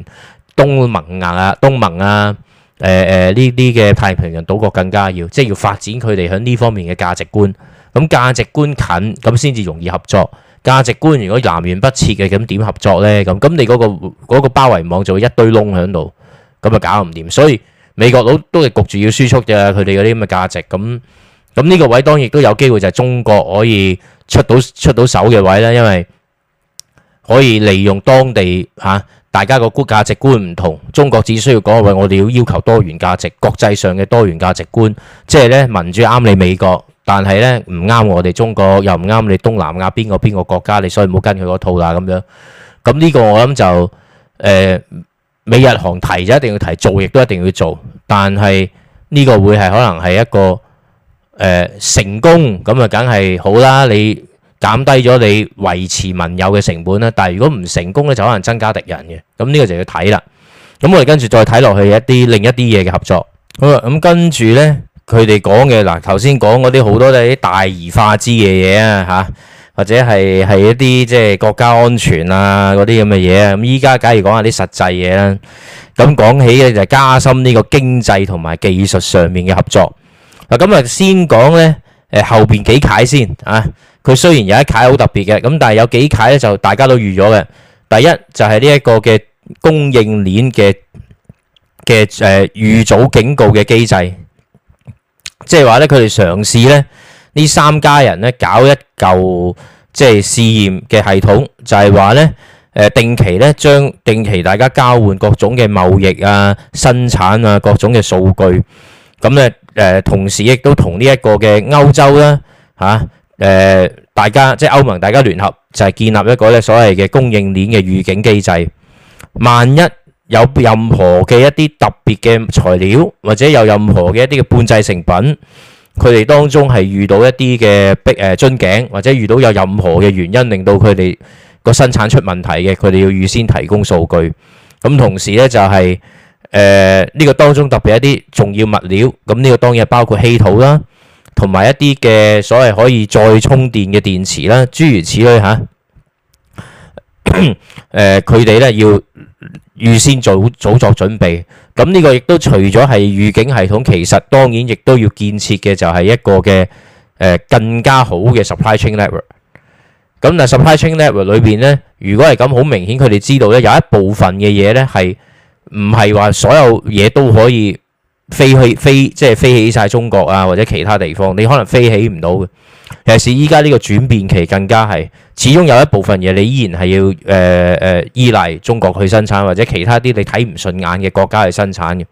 東盟啊、東盟啊、誒誒呢啲嘅太平洋島國更加要，即係要發展佢哋響呢方面嘅價值觀。咁價值觀近咁先至容易合作。價值觀如果南轅北轍嘅，咁點合作咧？咁咁你嗰個嗰個包圍網就會一堆窿喺度，咁啊，搞唔掂。所以美國佬都係焗住要輸出嘅佢哋嗰啲咁嘅價值。咁咁呢個位當然亦都有機會就係中國可以出到出到手嘅位啦，因為可以利用當地嚇大家個估值價值觀唔同，中國只需要講我哋要要求多元價值，國際上嘅多元價值觀，即係咧民主啱你美國。但係咧唔啱我哋中國又唔啱你東南亞邊個邊個國家，你所以唔好跟佢嗰套啦咁樣。咁呢個我諗就誒美日韓提就一定要提，做亦都一定要做。但係呢個會係可能係一個誒成功，咁啊梗係好啦。你減低咗你維持盟友嘅成本啦。但係如果唔成功咧，就可能增加敵人嘅。咁呢個就要睇啦。咁我哋跟住再睇落去一啲另一啲嘢嘅合作。好啦，咁跟住咧。佢哋講嘅嗱，頭先講嗰啲好多都係一啲大而化之嘅嘢啊，吓或者係係一啲即係國家安全啊嗰啲咁嘅嘢啊。咁依家假如講下啲實際嘢啦，咁講起咧就係加深呢個經濟同埋技術上面嘅合作嗱。咁啊，先講咧誒後邊幾偈先啊。佢雖然有一偈好特別嘅，咁但係有幾偈咧就大家都預咗嘅。第一就係呢一個嘅供應鏈嘅嘅誒預早警告嘅機制。即係話咧，佢哋嘗試咧，呢三家人咧搞一嚿即係試驗嘅系統，就係話咧，誒定期咧將定期大家交換各種嘅貿易啊、生產啊各種嘅數據，咁咧誒同時亦都同呢一個嘅歐洲啦嚇誒大家即係歐盟大家聯合，就係建立一個咧所謂嘅供應鏈嘅預警機制，萬一，有任何嘅一啲特別嘅材料，或者有任何嘅一啲嘅半製成品，佢哋當中係遇到一啲嘅逼誒樽頸，或者遇到有任何嘅原因令到佢哋個生產出問題嘅，佢哋要預先提供數據。咁同時咧就係誒呢個當中特別一啲重要物料，咁呢個當然包括稀土啦，同埋一啲嘅所謂可以再充電嘅電池啦，諸如此類吓。誒，佢哋咧要。預先做早作準備，咁呢個亦都除咗係預警系統，其實當然亦都要建設嘅就係一個嘅誒、呃、更加好嘅 supply chain network。咁但 supply chain network 裏邊呢，如果係咁，好明顯佢哋知道咧，有一部分嘅嘢呢，係唔係話所有嘢都可以飛去飛，即係飛起晒中國啊，或者其他地方，你可能飛起唔到嘅。尤其是依家呢個轉變期，更加係始終有一部分嘢你依然係要誒誒依賴中國去生產，或者其他啲你睇唔順眼嘅國家去生產嘅。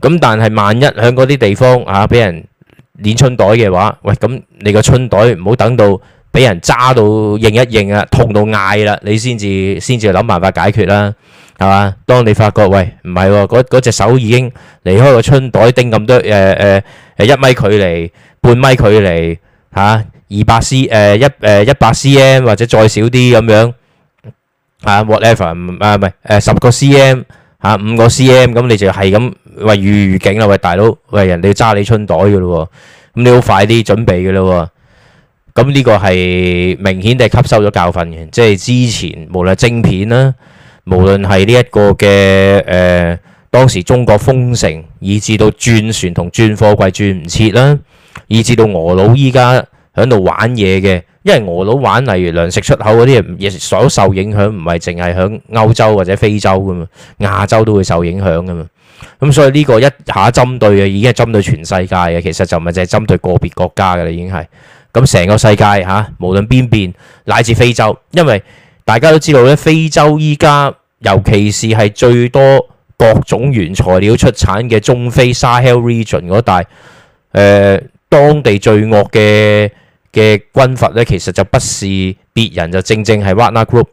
咁但係萬一響嗰啲地方啊俾人捏春袋嘅話，喂咁你個春袋唔好等到俾人揸到認一認啊，痛到嗌啦，你先至先至諗辦法解決啦，係嘛？當你發覺喂唔係喎嗰嗰隻手已經離開個春袋叮咁多誒誒誒一米距離、半米距離。吓，二百 c 誒一誒一百 cm 或者再少啲咁樣吓，whatever 誒唔係誒十個 cm 吓五個 cm，咁你就係咁，喂預警啦，喂大佬，喂人哋揸你春袋噶咯，咁你好快啲準備噶咯，咁呢個係明顯地吸收咗教訓嘅，即係之前無論晶片啦，無論係呢一個嘅誒當時中國封城，以致到轉船同轉貨櫃轉唔切啦。以至到俄佬依家喺度玩嘢嘅，因為俄佬玩例如糧食出口嗰啲嘢所受影響，唔係淨係響歐洲或者非洲噶嘛，亞洲都會受影響噶嘛。咁所以呢個一下針對嘅已經係針對全世界嘅，其實就唔係淨係針對個別國家嘅啦，已經係咁成個世界嚇，無論邊邊，乃至非洲，因為大家都知道咧，非洲依家尤其是係最多各種原材料出產嘅中非 Sahel Region 嗰帶，誒。當地最惡嘅嘅軍閥咧，其實就不是別人，就正正係 Wagner Group。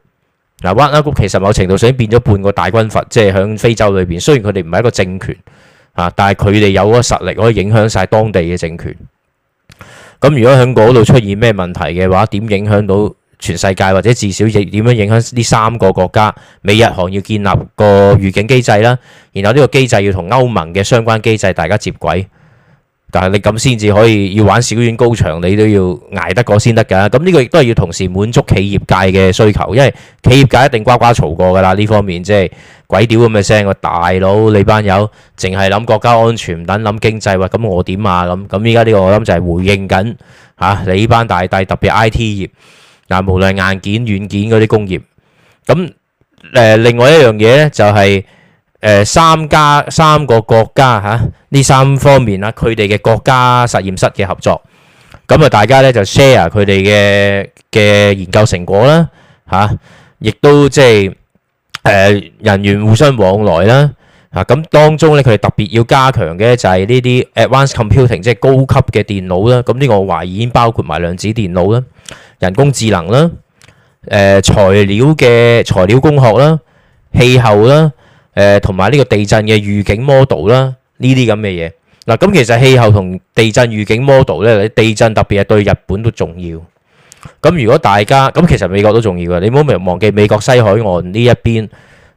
嗱，Wagner Group 其實某程度上已經變咗半個大軍閥，即係喺非洲裏邊。雖然佢哋唔係一個政權啊，但係佢哋有嗰個實力可以影響晒當地嘅政權。咁如果喺嗰度出現咩問題嘅話，點影響到全世界，或者至少點樣影響呢三個國家？美日韓要建立個預警機制啦，然後呢個機制要同歐盟嘅相關機制大家接軌。但係你咁先至可以要玩小院高牆，你都要捱得過先得㗎。咁呢個亦都係要同時滿足企業界嘅需求，因為企業界一定呱呱嘈過㗎啦。呢方面即係鬼屌咁嘅聲，大佬你班友淨係諗國家安全唔等諗經濟，咁我點啊咁？咁依家呢個我諗就係回應緊嚇你呢班大帝，特別 IT 業，嗱，無論硬件、軟件嗰啲工業。咁誒，另外一樣嘢咧就係。誒，三家三個國家吓呢三方面啦，佢哋嘅國家實驗室嘅合作，咁啊，大家咧就 share 佢哋嘅嘅研究成果啦，吓，亦都即係誒人員互相往來啦。吓，咁當中咧，佢哋特別要加強嘅就係呢啲 advanced computing，即係高級嘅電腦啦。咁呢個我懷疑已經包括埋量子電腦啦、人工智能啦、誒材料嘅材料工學啦、氣候啦。誒同埋呢個地震嘅預警 model 啦，呢啲咁嘅嘢嗱，咁其實氣候同地震預警 model 咧，地震特別係對日本都重要。咁如果大家咁，其實美國都重要嘅，你唔好忘記美國西海岸呢一邊，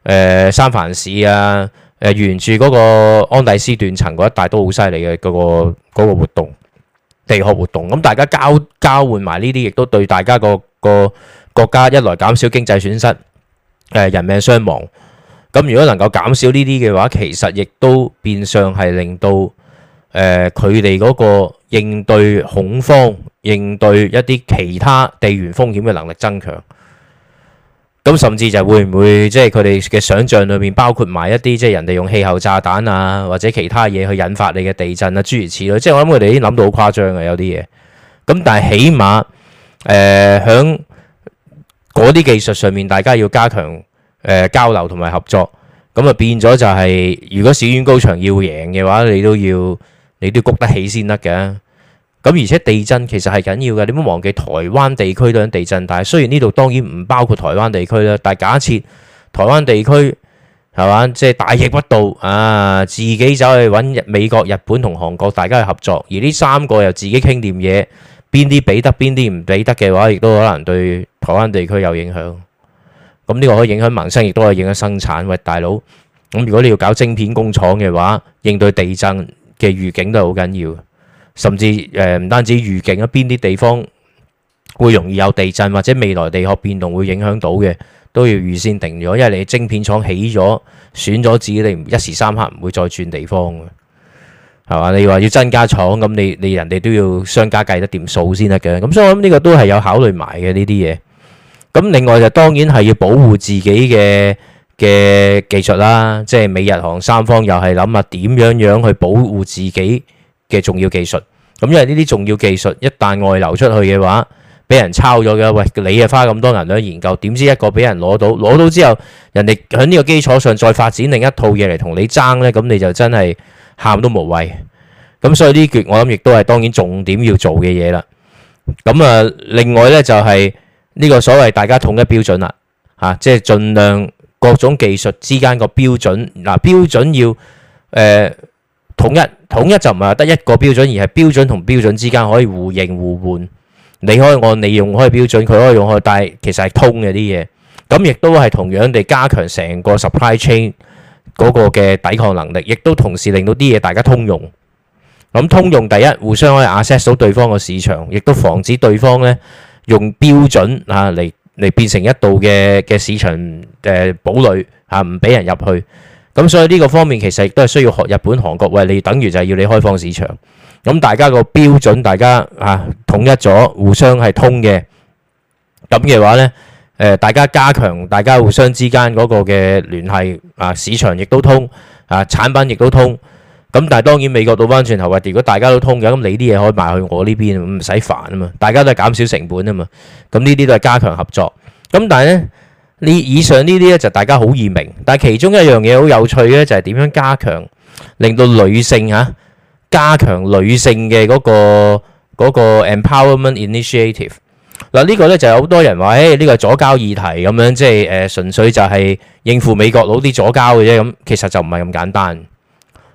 誒三藩市啊，誒沿住嗰個安第斯斷層嗰一帶都好犀利嘅嗰個嗰個活動，地殼活動。咁大家交交換埋呢啲，亦都對大家個個國家一來減少經濟損失，誒人命傷亡。咁如果能夠減少呢啲嘅話，其實亦都變相係令到誒佢哋嗰個應對恐慌、應對一啲其他地緣風險嘅能力增強。咁甚至就會唔會即係佢哋嘅想象裏面包括埋一啲即係人哋用氣候炸彈啊或者其他嘢去引發你嘅地震啊諸如此類。即係我諗佢哋已經諗到好誇張嘅有啲嘢。咁但係起碼誒響嗰啲技術上面，大家要加強。誒，交流同埋合作，咁啊變咗就係，如果小院高牆要贏嘅話，你都要你都谷得起先得嘅。咁而且地震其實係緊要嘅，你唔好忘記台灣地區都係地震。但係雖然呢度當然唔包括台灣地區啦，但係假設台灣地區係咪，即係大逆不道啊，自己走去搵美國、日本同韓國大家去合作，而呢三個又自己傾掂嘢，邊啲俾得，邊啲唔俾得嘅話，亦都可能對台灣地區有影響。咁呢個可以影響民生，亦都可以影響生產。喂，大佬，咁如果你要搞晶片工廠嘅話，應對地震嘅預警都係好緊要。甚至誒，唔、呃、單止預警啊，邊啲地方會容易有地震，或者未來地殼變動會影響到嘅，都要預先定咗。因為你晶片廠起咗，選咗自己，你唔一時三刻唔會再轉地方嘅，係嘛？你話要增加廠，咁你你人哋都要商家計得掂數先得嘅。咁、嗯、所以我呢個都係有考慮埋嘅呢啲嘢。咁另外就當然係要保護自己嘅嘅技術啦，即係美日韓三方又係諗吓點樣樣去保護自己嘅重要技術。咁因為呢啲重要技術一旦外流出去嘅話，俾人抄咗嘅，喂，你係花咁多銀兩研究，點知一個俾人攞到，攞到之後，人哋喺呢個基礎上再發展另一套嘢嚟同你爭呢，咁你就真係喊都無謂。咁所以呢橛，我諗亦都係當然重點要做嘅嘢啦。咁啊，另外呢就係。呢個所謂大家統一標準啦，嚇、啊，即係盡量各種技術之間個標準，嗱、啊、標準要誒、呃、統一，統一就唔係得一個標準，而係標準同標準之間可以互認互換，你可以按你用開標準，佢可以用開，但係其實係通嘅啲嘢，咁亦都係同樣地加強成個 supply chain 嗰個嘅抵抗能力，亦都同時令到啲嘢大家通用。咁通用第一，互相可以 access 到對方個市場，亦都防止對方呢。用標準啊，嚟嚟變成一度嘅嘅市場嘅堡壘嚇，唔俾人入去。咁所以呢個方面其實亦都係需要學日本、韓國。餵你，等於就係要你開放市場。咁大家個標準，大家啊統一咗，互相係通嘅。咁嘅話呢，誒大家加強大家互相之間嗰個嘅聯繫啊，市場亦都通啊，產品亦都通。咁但係當然美國倒翻轉頭話，如果大家都通嘅，咁你啲嘢可以賣去我呢邊，唔使煩啊嘛，大家都係減少成本啊嘛。咁呢啲都係加強合作。咁但係咧，呢以上呢啲咧就大家好易明。但係其中一樣嘢好有趣咧，就係點樣加強令到女性嚇加強女性嘅嗰個嗰個 Empowerment Initiative。嗱呢個咧就有好多人話，誒呢個係左膠議題咁樣，即係誒純粹就係應付美國佬啲左膠嘅啫。咁其實就唔係咁簡單。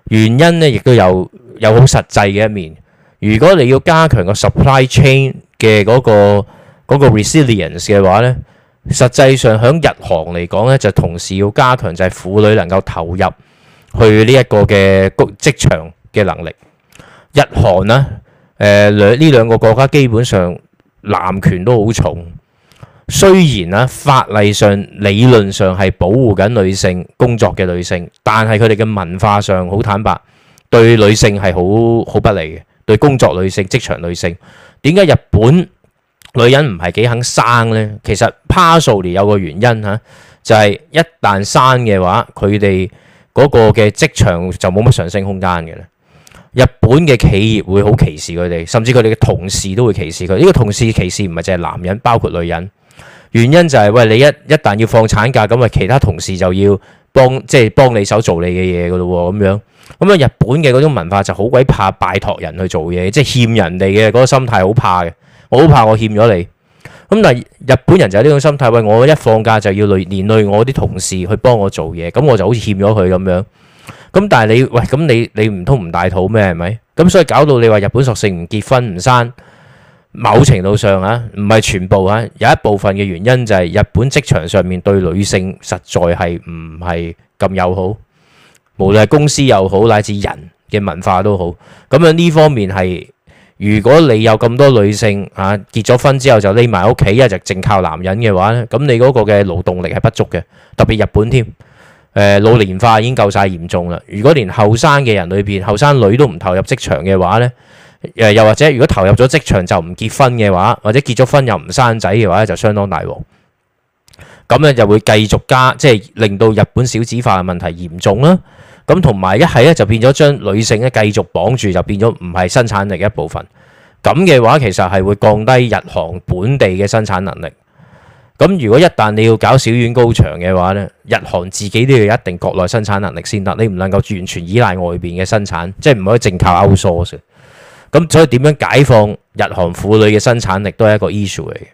原因呢亦都有有好實際嘅一面。如果你要加強個 supply chain 嘅嗰個嗰個 resilience 嘅話呢，實際上響日韓嚟講呢，就同時要加強就係婦女能夠投入去呢一個嘅職場嘅能力。日韓咧，誒兩呢兩個國家基本上男權都好重。雖然啦，法例上、理論上係保護緊女性工作嘅女性，但係佢哋嘅文化上好坦白，對女性係好好不利嘅。對工作女性、職場女性，點解日本女人唔係幾肯生呢？其實，pastor 有個原因嚇，就係、是、一旦生嘅話，佢哋嗰個嘅職場就冇乜上升空間嘅啦。日本嘅企業會好歧視佢哋，甚至佢哋嘅同事都會歧視佢。呢、這個同事歧視唔係淨係男人，包括女人。原因就係、是、喂，你一一旦要放產假，咁啊，其他同事就要幫即係幫你手做你嘅嘢噶咯喎，咁樣，咁啊，日本嘅嗰種文化就好鬼怕拜託人去做嘢，即係欠人哋嘅嗰個心態好怕嘅，我好怕我欠咗你。咁但係日本人就係呢種心態，喂，我一放假就要累連累我啲同事去幫我做嘢，咁我就好似欠咗佢咁樣。咁但係你喂，咁你你唔通唔帶肚咩？係咪？咁所以搞到你話日本索性唔結婚唔生。某程度上啊，唔係全部啊，有一部分嘅原因就係日本職場上面對女性實在係唔係咁友好，無論係公司又好，乃至人嘅文化都好。咁樣呢方面係，如果你有咁多女性啊結咗婚之後就匿埋屋企，一直淨靠男人嘅話咧，咁你嗰個嘅勞動力係不足嘅，特別日本添。誒，老年化已經夠晒嚴重啦。如果連後生嘅人裏邊，後生女都唔投入職場嘅話咧，誒，又或者如果投入咗職場就唔結婚嘅話，或者結咗婚，又唔生仔嘅話咧，就相當大鑊。咁咧就會繼續加，即係令到日本少子化嘅問題嚴重啦。咁同埋一係咧就變咗將女性咧繼續綁住，就變咗唔係生產力一部分。咁嘅話其實係會降低日韓本地嘅生產能力。咁如果一旦你要搞小院高牆嘅話咧，日韓自己都要一定國內生產能力先得，你唔能夠完全依賴外邊嘅生產，即係唔可以淨靠歐塑咁所以點樣解放日韓婦女嘅生產力都係一個 issue 嚟嘅。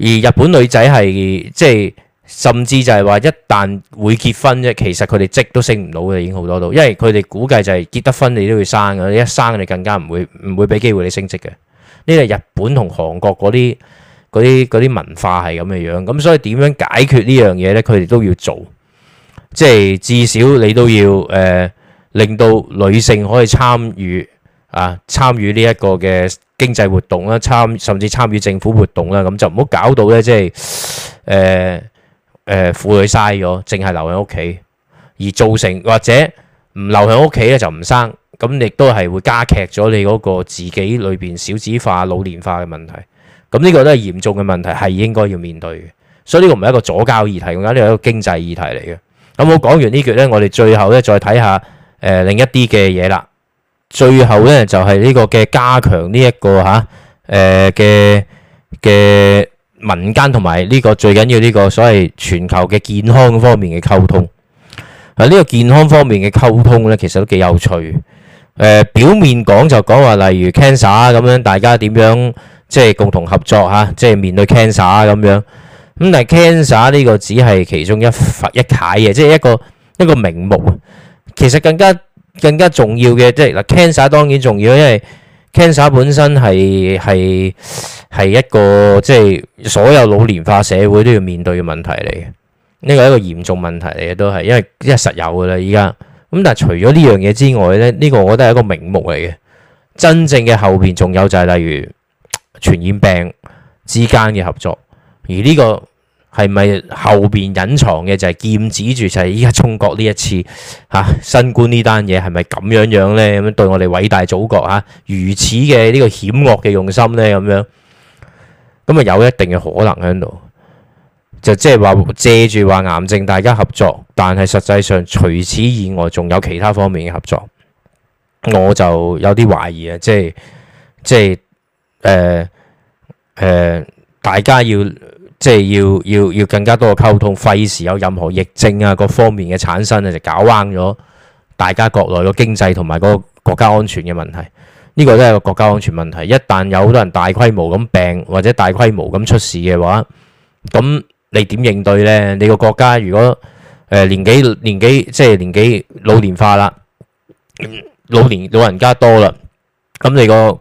而日本女仔係即係甚至就係話，一旦會結婚啫，其實佢哋職都升唔到嘅，已經好多都，因為佢哋估計就係結得婚你都會生嘅，你一生你更加唔會唔會俾機會你升職嘅。呢個日本同韓國嗰啲嗰啲嗰啲文化係咁嘅樣，咁所以點樣解決呢樣嘢呢？佢哋都要做，即係至少你都要誒令到女性可以參與。啊！參與呢一個嘅經濟活動啦，參甚至參與政府活動啦，咁就唔好搞到咧，即係誒誒婦女嘥咗，淨係留喺屋企，而造成或者唔留喺屋企咧就唔生，咁亦都係會加劇咗你嗰個自己裏邊少子化、老年化嘅問題。咁呢個都係嚴重嘅問題，係應該要面對嘅。所以呢個唔係一個左膠議題，咁呢個係一個經濟議題嚟嘅。咁我講完呢句咧，我哋最後咧再睇下誒另一啲嘅嘢啦。最後咧就係呢個嘅加強呢一個吓誒嘅嘅民間同埋呢個最緊要呢個所謂全球嘅健康方面嘅溝通啊呢、呢個健康方面嘅溝通咧其實都幾有趣誒、呃、表面講就講話，例如 cancer 咁樣大家點樣即係、就是、共同合作吓即係面對 cancer 咁樣咁但係 cancer 呢個只係其中一佛一楷嘅即係一個一個名目，其實更加。更加重要嘅即係 cancer 當然重要，因為 cancer 本身係係係一個即係所有老年化社會都要面對嘅問題嚟嘅，呢個係一個嚴重問題嚟嘅都係，因為因為實有噶啦。依家咁，但係除咗呢樣嘢之外咧，呢個我覺得係一個名目嚟嘅，真正嘅後邊仲有就係例如傳染病之間嘅合作，而呢個。係咪後邊隱藏嘅就係、是、劍指住就係依家中國呢一次吓、啊、新冠是是呢單嘢係咪咁樣樣咧？咁對我哋偉大祖國吓、啊、如此嘅呢、這個險惡嘅用心咧咁樣，咁啊有一定嘅可能喺度，就即係話借住話癌症大家合作，但係實際上除此以外仲有其他方面嘅合作，我就有啲懷疑啊，即係即係誒誒，大家要。即係要要要更加多嘅溝通，費事有任何疫症啊，各方面嘅產生啊，就搞彎咗大家國內個經濟同埋個國家安全嘅問題。呢、這個都係個國家安全問題。一旦有好多人大規模咁病或者大規模咁出事嘅話，咁你點應對呢？你個國家如果誒、呃、年紀年紀即係年紀老年化啦，老年老人家多啦，咁你個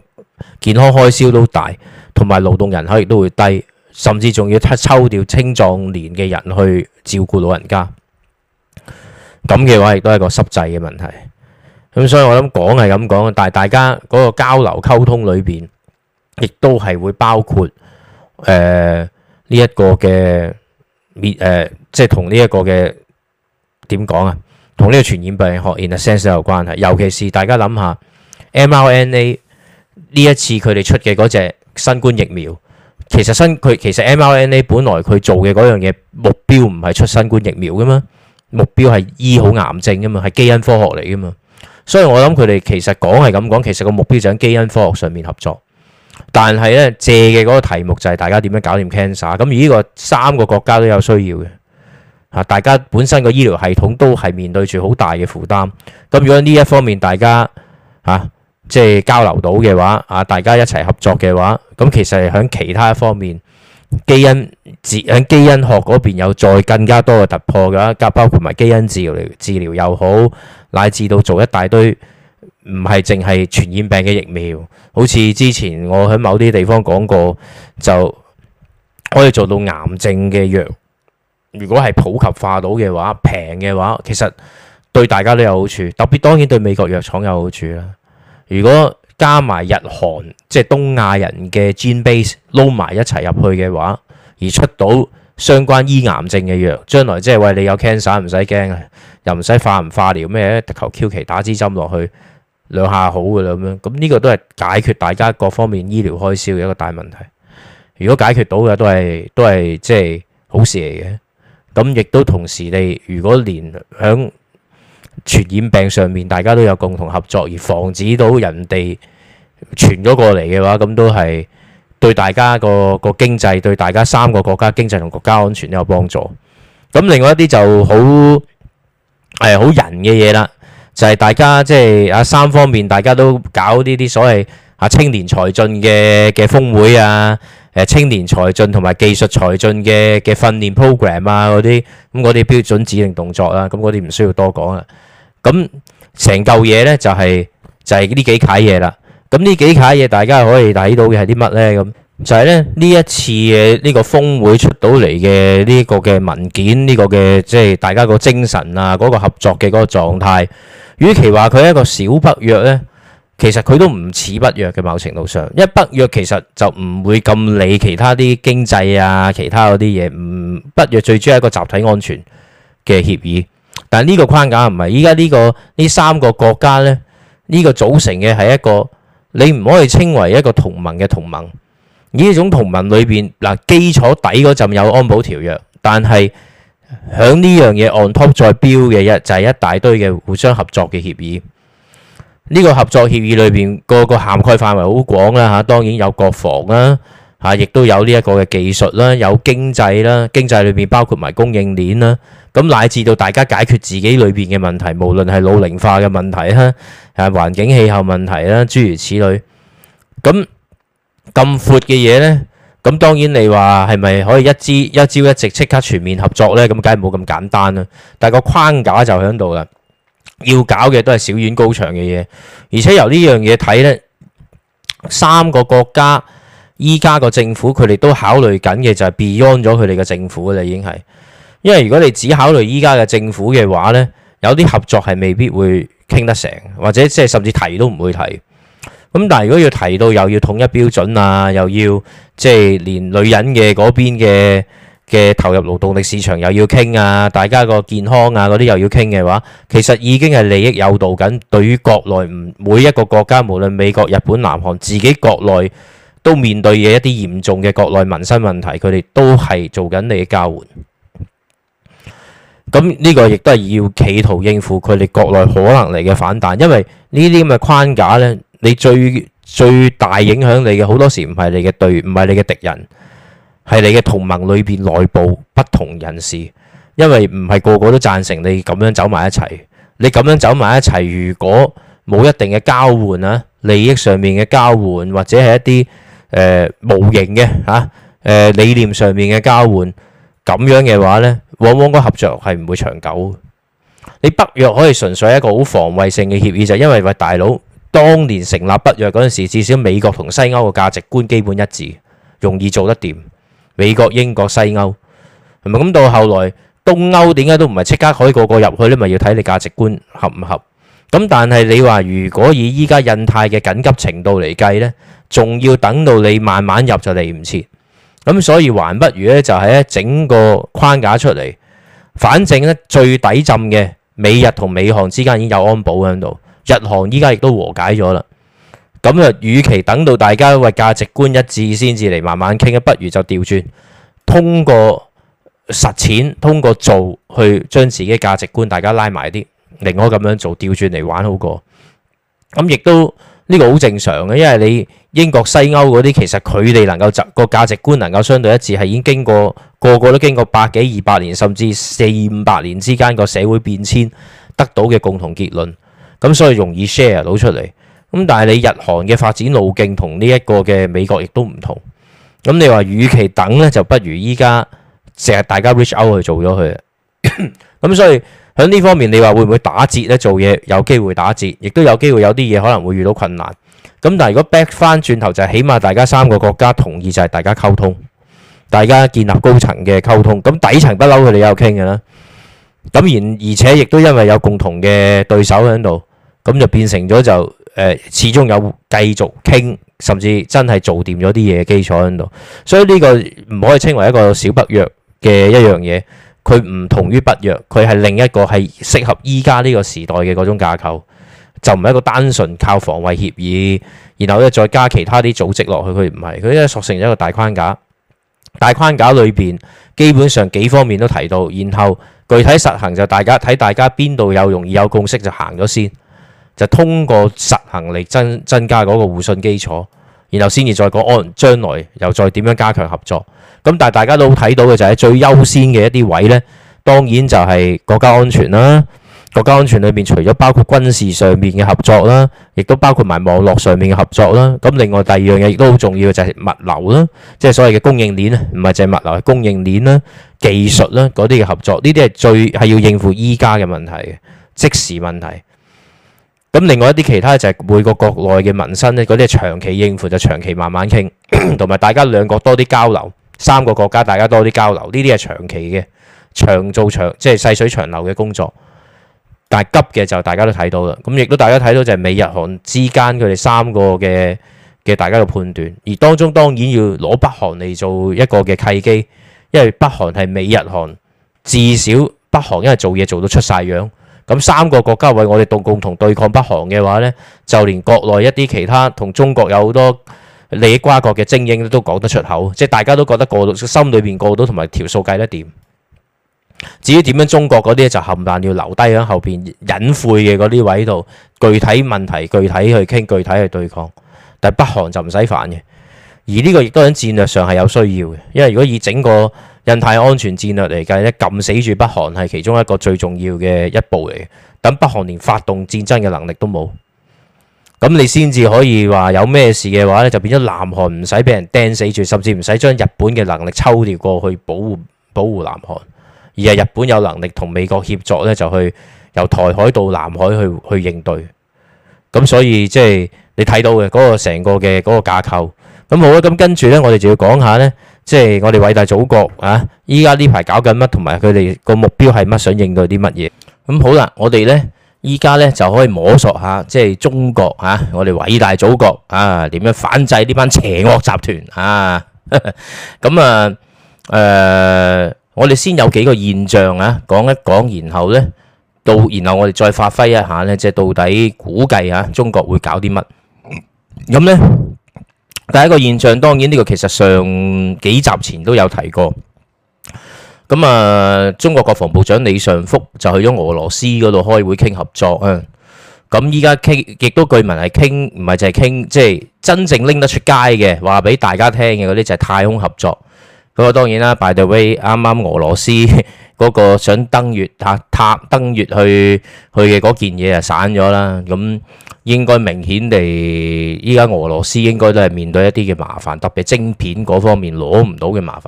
健康開銷都大，同埋勞動人口亦都會低。甚至仲要抽掉青壯年嘅人去照顧老人家，咁嘅話亦都係一個濕滯嘅問題。咁、嗯、所以我諗講係咁講，但係大家嗰個交流溝通裏邊亦都係會包括誒呢一個嘅滅誒，即係同呢一個嘅點講啊，同呢個傳染病學嘅 sense 有關係，尤其是大家諗下 mRNA 呢一次佢哋出嘅嗰隻新冠疫苗。其實新佢其實 mRNA 本來佢做嘅嗰樣嘢目標唔係出新冠疫苗噶嘛，目標係醫好癌症噶嘛，係基因科學嚟噶嘛，所以我諗佢哋其實講係咁講，其實個目標就喺基因科學上面合作，但係咧借嘅嗰個題目就係大家點樣搞掂 cancer，咁而呢個三個國家都有需要嘅，嚇大家本身個醫療系統都係面對住好大嘅負擔，咁如果呢一方面大家嚇。即係交流到嘅話，啊，大家一齊合作嘅話，咁其實喺其他方面，基因治喺基因學嗰邊有再更加多嘅突破嘅話，包括埋基因治療治療又好，乃至到做一大堆唔係淨係傳染病嘅疫苗，好似之前我喺某啲地方講過，就可以做到癌症嘅藥。如果係普及化到嘅話，平嘅話，其實對大家都有好處，特別當然對美國藥廠有好處啦。如果加埋日韓即係東亞人嘅 gene base 撈埋一齊入去嘅話，而出到相關醫癌症嘅藥，將來即係喂，你有 cancer 唔使驚啊，又唔使化唔化療咩？求求其打支針落去兩下好㗎喇咁樣，咁呢個都係解決大家各方面醫療開銷嘅一個大問題。如果解決到嘅都係都係即係好事嚟嘅，咁亦都同時你如果連響。傳染病上面大家都有共同合作，而防止到人哋傳咗過嚟嘅話，咁都係對大家個個經濟，對大家三個國家經濟同國家安全都有幫助。咁另外一啲就好係好人嘅嘢啦，就係大家即係啊三方面大家都搞呢啲所謂啊青年才俊嘅嘅峯會啊，誒青年才俊同埋技術才俊嘅嘅訓練 program 啊嗰啲，咁嗰啲標準指令動作啦，咁嗰啲唔需要多講啊。咁成嚿嘢咧就係就係呢幾楷嘢啦。咁呢幾楷嘢大家可以睇到嘅係啲乜咧？咁就係咧呢一次嘅呢個峯會出到嚟嘅呢個嘅文件，呢個嘅即係大家個精神啊，嗰個合作嘅嗰個狀態。與其話佢係一個小北約咧，其實佢都唔似北約嘅某程度上，因為北約其實就唔會咁理其他啲經濟啊，其他嗰啲嘢。唔，北約最主要係一個集體安全嘅協議。但係呢個框架係唔係，依家呢個呢三個國家咧，呢個組成嘅係一個你唔可以稱為一個同盟嘅同盟。而呢種同盟裏邊嗱基礎底嗰陣有安保條約，但係響呢樣嘢 on top 再標嘅一就係一大堆嘅互相合作嘅協議。呢個合作協議裏邊個個涵蓋範圍好廣啦嚇，當然有國防啦嚇，亦都有呢一個嘅技術啦，有經濟啦，經濟裏邊包括埋供應鏈啦。咁乃至到大家解決自己裏邊嘅問題，無論係老齡化嘅問題啊，啊環境氣候問題啦，諸如此類。咁咁闊嘅嘢呢？咁當然你話係咪可以一朝一朝一夕即刻全面合作呢？咁梗係冇咁簡單啦。但個框架就喺度啦，要搞嘅都係小院高牆嘅嘢，而且由呢樣嘢睇呢，三個國家依家個政府佢哋都考慮緊嘅就係 beyond 咗佢哋嘅政府啦，已經係。因為如果你只考慮依家嘅政府嘅話呢，有啲合作係未必會傾得成，或者即係甚至提都唔會提。咁但係如果要提到又要統一標準啊，又要即係連女人嘅嗰邊嘅嘅投入勞動力市場又要傾啊，大家個健康啊嗰啲又要傾嘅話，其實已經係利益誘導緊。對於國內唔每一個國家，無論美國、日本、南韓自己國內都面對嘅一啲嚴重嘅國內民生問題，佢哋都係做緊你嘅交換。咁呢個亦都係要企圖應付佢哋國內可能嚟嘅反彈，因為呢啲咁嘅框架咧，你最最大影響你嘅好多時唔係你嘅對，唔係你嘅敵人，係你嘅同盟裏邊內部不同人士，因為唔係個個都贊成你咁樣走埋一齊，你咁樣走埋一齊，如果冇一定嘅交換啊，利益上面嘅交換，或者係一啲誒無形嘅嚇誒理念上面嘅交換。咁樣嘅話呢，往往個合作係唔會長久。你北約可以純粹一個好防衛性嘅協議，就因為話大佬當年成立北約嗰陣時，至少美國同西歐嘅價值觀基本一致，容易做得掂。美國、英國、西歐，係咪？咁到後來，東歐點解都唔係即刻可以個個入去呢？咪、就是、要睇你價值觀合唔合？咁但係你話如果以依家印太嘅緊急程度嚟計呢，仲要等到你慢慢入就嚟唔切。咁所以還不如咧，就係咧整個框架出嚟。反正咧，最底浸嘅美日同美韓之間已經有安保喺度，日韓依家亦都和解咗啦。咁啊，與其等到大家為價值觀一致先至嚟慢慢傾，不如就調轉，通過實踐，通過做去將自己嘅價值觀大家拉埋啲，寧可咁樣做，調轉嚟玩好過。咁亦都。呢個好正常嘅，因為你英國西歐嗰啲其實佢哋能夠值個價值觀能夠相對一致，係已經經過個個都經過百幾、二百年甚至四五百年之間個社會變遷得到嘅共同結論，咁所以容易 share 到出嚟。咁但係你日韓嘅發展路徑同呢一個嘅美國亦都唔同。咁你話，與其等呢，就不如依家淨係大家 reach out 去做咗佢啦。咁 所以。喺呢方面，你話會唔會打折咧？做嘢有機會打折，亦都有機會有啲嘢可能會遇到困難。咁但係如果 back 翻轉頭，就係、是、起碼大家三個國家同意，就係大家溝通，大家建立高層嘅溝通。咁底層不嬲，佢哋都有傾嘅啦。咁然而且亦都因為有共同嘅對手喺度，咁就變成咗就誒、呃，始終有繼續傾，甚至真係做掂咗啲嘢嘅基礎喺度。所以呢個唔可以稱為一個小北約嘅一樣嘢。佢唔同於北約，佢係另一個係適合依家呢個時代嘅嗰種架構，就唔係一個單純靠防衞協議，然後咧再加其他啲組織落去。佢唔係佢咧，塑成一個大框架。大框架裏邊基本上幾方面都提到，然後具體實行就大家睇大家邊度有容易有共識就行咗先，就通過實行嚟增增加嗰個互信基礎。然後先至再講安，將來又再點樣加強合作？咁但係大家都睇到嘅就係最優先嘅一啲位呢，當然就係國家安全啦。國家安全裏面除咗包括軍事上面嘅合作啦，亦都包括埋網絡上面嘅合作啦。咁另外第二樣嘢亦都好重要嘅就係物流啦，即係所謂嘅供應鏈，唔係淨係物流，係供應鏈啦、技術啦嗰啲嘅合作。呢啲係最係要應付依家嘅問題，即時問題。咁另外一啲其他就係每個國內嘅民生咧，嗰啲係長期應付就長期慢慢傾，同埋 大家兩國多啲交流，三個國家大家多啲交流，呢啲係長期嘅長做長即係細水長流嘅工作。但係急嘅就大家都睇到啦，咁亦都大家睇到就係美日韓之間佢哋三個嘅嘅大家嘅判斷，而當中當然要攞北韓嚟做一個嘅契機，因為北韓係美日韓至少北韓因為做嘢做到出晒樣。咁三個國家為我哋共共同對抗北韓嘅話呢，就連國內一啲其他同中國有好多利益瓜葛嘅精英都講得出口，即係大家都覺得個心裏邊個個都同埋條數計得掂。至於點樣中國嗰啲就冚唪唥要留低喺後邊隱晦嘅嗰啲位度，具體問題具體去傾，具體去對抗。但北韓就唔使煩嘅，而呢個亦都喺戰略上係有需要嘅，因為如果以整個印太安全戰略嚟計咧，撳死住北韓係其中一個最重要嘅一步嚟。等北韓連發動戰爭嘅能力都冇，咁你先至可以話有咩事嘅話咧，就變咗南韓唔使俾人釘死住，甚至唔使將日本嘅能力抽掉過去保護保護南韓，而係日本有能力同美國協作咧，就去由台海到南海去去應對。咁所以即係、就是、你睇到嘅嗰、那個成個嘅嗰個架構。咁好啦，咁跟住咧，我哋就要講下咧。即係我哋偉大祖國啊！依家呢排搞緊乜，同埋佢哋個目標係乜，想應對啲乜嘢？咁好啦，我哋呢依家呢就可以摸索下，即係中國啊，我哋偉大祖國啊，點樣反制呢班邪惡集團啊？咁啊誒，我哋先有幾個現象啊，講一講，然後呢到，然後我哋再發揮一下呢，即係到底估計下中國會搞啲乜？咁呢。第一個現象，當然呢個其實上幾集前都有提過。咁啊，中國國防部長李尚福就去咗俄羅斯嗰度開會傾合作啊。咁依家傾，亦都據聞係傾，唔係就係傾，即係真正拎得出街嘅話俾大家聽嘅嗰啲就係太空合作。不過，當然啦。By the way，啱啱俄羅斯嗰個想登月嚇，塔、啊、登月去去嘅嗰件嘢啊，散咗啦。咁應該明顯地，依家俄羅斯應該都係面對一啲嘅麻煩，特別晶片嗰方面攞唔到嘅麻煩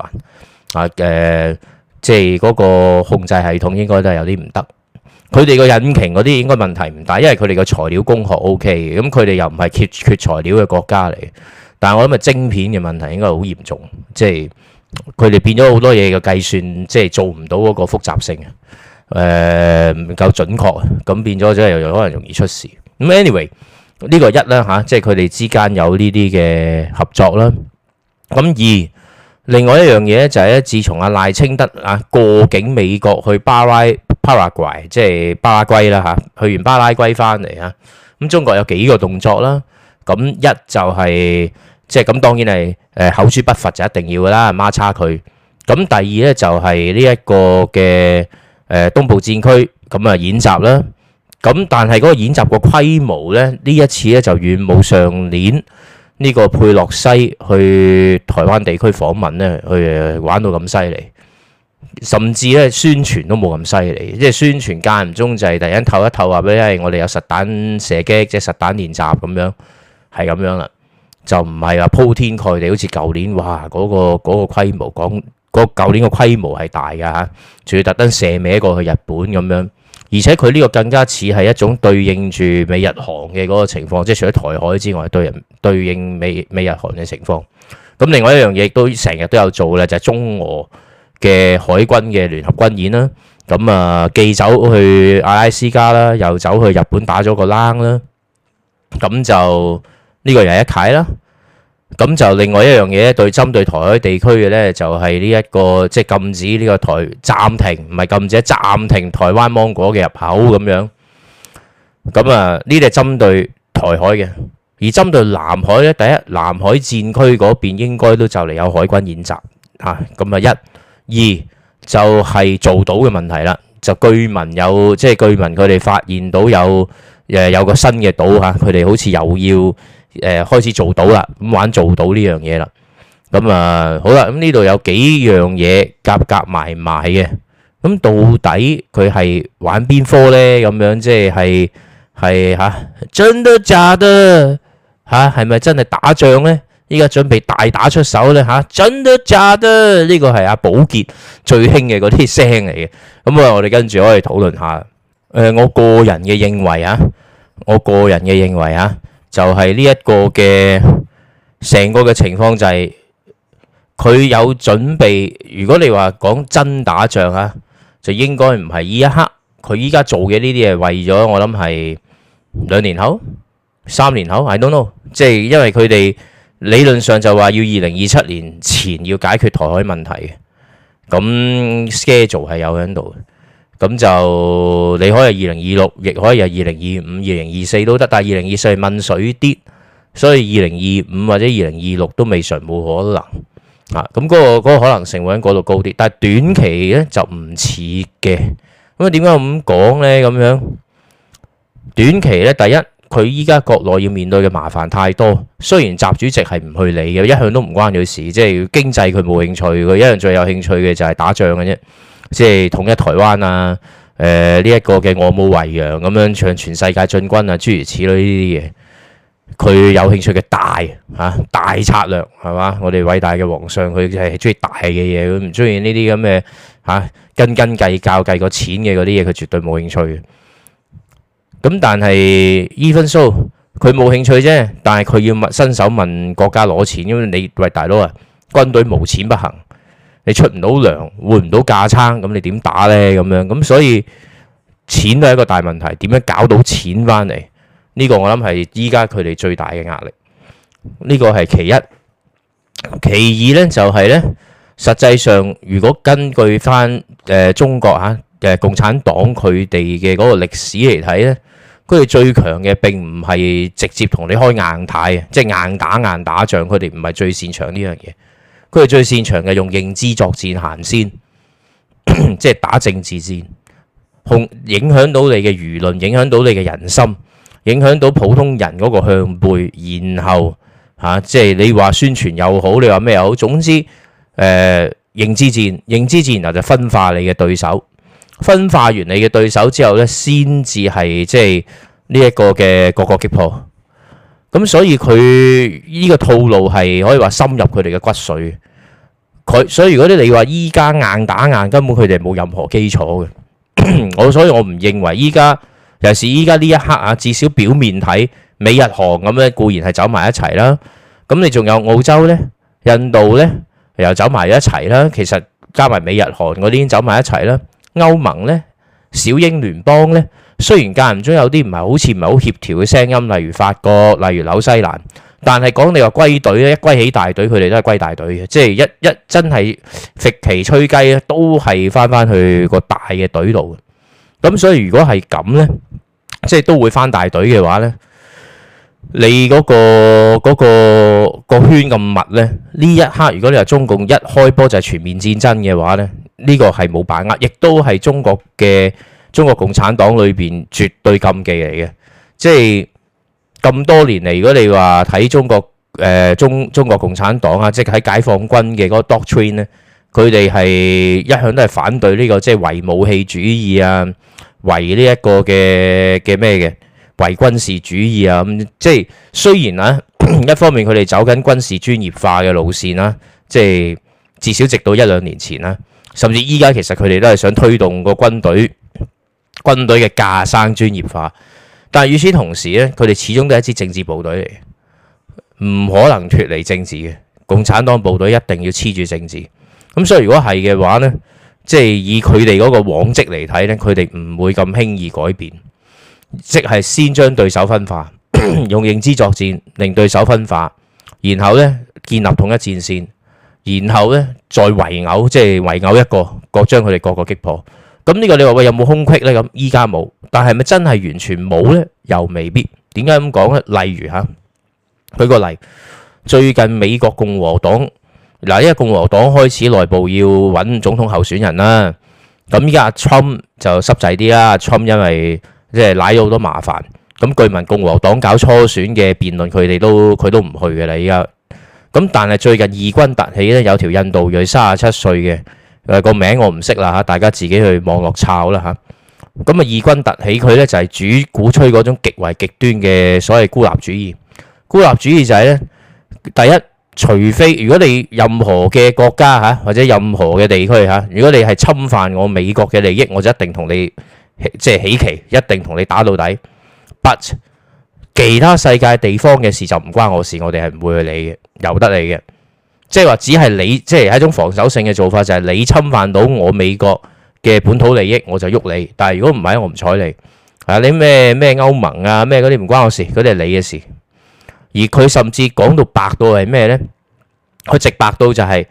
啊。誒，即係嗰個控制系統應該都係有啲唔得。佢哋個引擎嗰啲應該問題唔大，因為佢哋嘅材料工學 O K 咁佢哋又唔係缺缺材料嘅國家嚟。但係我諗咪晶片嘅問題應該好嚴重，即係。佢哋變咗好多嘢嘅計算，即係做唔到嗰個複雜性，誒、呃、唔夠準確，咁變咗即係又可能容易出事。咁 anyway 呢個一啦吓、啊，即係佢哋之間有呢啲嘅合作啦。咁、啊、二，另外一樣嘢咧就係、是、咧，自從阿賴清德啊過境美國去巴拉 Paraguay，即巴拉圭，即係巴拉圭啦吓，去完巴拉圭翻嚟啊，咁中國有幾個動作啦。咁、啊、一就係、是。即係咁，當然係誒、呃、口誅筆伐就一定要噶啦，孖叉佢。咁第二咧就係呢一個嘅誒、呃、東部戰區咁啊演習啦。咁但係嗰個演習個規模咧，呢一次咧就遠冇上年呢、這個佩洛西去台灣地區訪問咧，去玩到咁犀利，甚至咧宣傳都冇咁犀利。即係宣傳間唔中就係突然間透一透話俾你，我哋有實彈射擊，即係實彈練習咁樣，係咁樣啦。就唔係話鋪天蓋地，好似舊年哇嗰個嗰個規模，講嗰舊年嘅規模係大㗎吓，仲要特登射尾過去日本咁樣，而且佢呢個更加似係一種對應住美日韓嘅嗰個情況，即係除咗台海之外，對人對應美美日韓嘅情況。咁另外一樣嘢都成日都有做咧，就係中俄嘅海軍嘅聯合軍演啦。咁啊，既走去阿拉斯加啦，又走去日本打咗個冷啦。咁就。呢個又係一睇啦，咁就另外一樣嘢。對針對台海地區嘅咧，就係呢一個即係禁止呢個台暫停，唔係禁止暫停台灣芒果嘅入口咁樣。咁啊，呢啲係針對台海嘅，而針對南海咧，第一南海戰區嗰邊應該都就嚟有海軍演習啊。咁啊，一、二就係做島嘅問題啦。就據聞有即係據聞，佢哋發現到有誒有個新嘅島嚇，佢哋好似又要。誒開始做到啦，咁玩做到呢樣嘢啦，咁啊好啦，咁呢度有幾樣嘢夾夾埋埋嘅，咁到底佢係玩邊科咧？咁樣即係係係嚇，真的假的嚇？係咪真係打仗咧？依家準備大打出手咧嚇？真的假的？呢個係阿寶傑最興嘅嗰啲聲嚟嘅，咁啊，我哋跟住可以討論下誒，我個人嘅認為啊，我個人嘅認為啊。就係呢一個嘅成個嘅情況，就是，就係佢有準備。如果你話講真打仗啊，就應該唔係呢一刻。佢依家做嘅呢啲嘢，為咗我諗係兩年後，三年後。I don't know，即係因為佢哋理論上就話要二零二七年前要解決台海問題嘅。咁 schedule 係有喺度。咁就你可以係二零二六，亦可以係二零二五、二零二四都得，但係二零二四係問水啲，所以二零二五或者二零二六都未嘗冇可能啊！咁嗰個嗰個可能性會喺嗰度高啲，但係短期咧就唔似嘅。咁啊點解咁講咧？咁樣短期咧，第一佢依家國內要面對嘅麻煩太多，雖然習主席係唔去理嘅，一向都唔關佢事，即係經濟佢冇興趣，佢一樣最有興趣嘅就係打仗嘅啫。即係統一台灣啊！誒呢一個嘅我冇遺陽咁樣向全世界進軍啊！諸如此類呢啲嘢，佢有興趣嘅大嚇、啊、大策略係嘛？我哋偉大嘅皇上，佢係中意大嘅嘢，佢唔中意呢啲咁嘅嚇，斤斤計較計個錢嘅嗰啲嘢，佢絕對冇興趣嘅。咁但係 Evenso，佢冇興趣啫，但係佢要問伸手問國家攞錢，因為你喂大佬啊，軍隊冇錢不行。你出唔到糧，換唔到架撐，咁你點打呢？咁樣咁，所以錢都係一個大問題。點樣搞到錢翻嚟？呢個我諗係依家佢哋最大嘅壓力。呢個係其一，其二呢，就係呢，實際上如果根據翻誒中國嚇嘅共產黨佢哋嘅嗰個歷史嚟睇呢，佢哋最強嘅並唔係直接同你開硬太嘅，即係硬打硬打仗，佢哋唔係最擅長呢樣嘢。佢係最擅長嘅用認知作戰行先， 即係打政治戰，控影響到你嘅輿論，影響到你嘅人心，影響到普通人嗰個向背，然後嚇、啊、即係你話宣傳又好，你話咩又好，總之誒認知戰、認知戰，知然，然後就分化你嘅對手，分化完你嘅對手之後咧，先至係即係呢一個嘅各個擊破。咁、嗯、所以佢呢個套路係可以話深入佢哋嘅骨髓，佢所以如果你話依家硬打硬，根本佢哋冇任何基礎嘅。我 所以我唔認為依家尤其是依家呢一刻啊，至少表面睇美日韓咁咧固然係走埋一齊啦。咁你仲有澳洲呢，印度呢，又走埋一齊啦。其實加埋美日韓嗰啲走埋一齊啦，歐盟呢，小英聯邦呢。雖然間唔中有啲唔係好似唔係好協調嘅聲音，例如法國，例如紐西蘭，但係講你話歸隊呢，一歸起大隊，佢哋都係歸大隊嘅，即係一,一，真係，敵棋，吹雞，都係返返去個大嘅隊度。咁所以如果係咁呢，即係都會返大隊嘅話呢,你嗰個，嗰個，個圈咁密呢，呢一刻，如果你話中共一開波就係全面戰爭嘅話呢，呢個係冇把握，亦都係中國嘅，中國共產黨裏邊絕對禁忌嚟嘅，即係咁多年嚟。如果你話睇中國誒中中國共產黨啊，即係喺解放軍嘅嗰個 doctrine 咧，佢哋係一向都係反對呢個即係唯武器主義啊，唯呢一個嘅嘅咩嘅唯軍事主義啊。咁即係雖然啦，一方面佢哋走緊軍事專業化嘅路線啦，即係至少直到一兩年前啦，甚至依家其實佢哋都係想推動個軍隊。軍隊嘅架生專業化，但係與此同時咧，佢哋始終都係一支政治部隊嚟，唔可能脫離政治嘅。共產黨部隊一定要黐住政治，咁所以如果係嘅話呢，即係以佢哋嗰個往績嚟睇呢，佢哋唔會咁輕易改變，即係先將對手分化， 用認知作戰令對手分化，然後呢建立統一戰線，然後呢再圍毆，即係圍毆一個，各將佢哋個個擊破。咁呢個你話喂有冇空隙咧？咁依家冇，但係咪真係完全冇咧？又未必。點解咁講咧？例如吓，舉個例，最近美國共和黨嗱，因為共和黨開始內部要揾總統候選人啦。咁依家阿侵就濕滯啲啦，阿侵因為即係惹咗好多麻煩。咁據聞共和黨搞初選嘅辯論，佢哋都佢都唔去嘅啦。依家咁，但係最近異軍突起咧，有條印度裔三十七歲嘅。誒，個名我唔識啦，吓，大家自己去網絡抄啦，吓。咁啊，異軍突起佢咧就係主鼓吹嗰種極為極端嘅所謂孤立主義。孤立主義就係、是、咧，第一，除非如果你任何嘅國家吓或者任何嘅地區吓，如果你係侵犯我美國嘅利益，我就一定同你即係起奇，一定同你打到底。But 其他世界地方嘅事就唔關我事，我哋係唔會去理嘅，由得你嘅。即係話只係你，即係一種防守性嘅做法，就係、是、你侵犯到我美國嘅本土利益，我就喐你。但係如果唔係，我唔睬你。啊，你咩咩歐盟啊咩嗰啲，唔關我事，嗰啲係你嘅事。而佢甚至講到白到係咩呢？佢直白到就係、是、誒、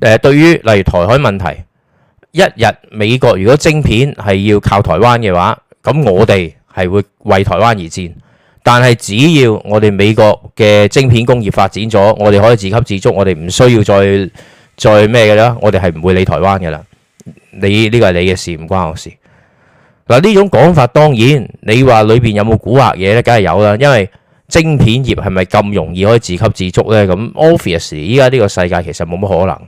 呃，對於例如台海問題，一日美國如果晶片係要靠台灣嘅話，咁我哋係會為台灣而戰。但係只要我哋美國嘅晶片工業發展咗，我哋可以自給自足，我哋唔需要再再咩嘅啦，我哋係唔會理台灣嘅啦。你呢個係你嘅事，唔關我事。嗱，呢種講法，當然你話裏邊有冇蠱惑嘢咧？梗係有啦。因為晶片業係咪咁容易可以自給自足咧？咁 Obviously，依家呢個世界其實冇乜可能。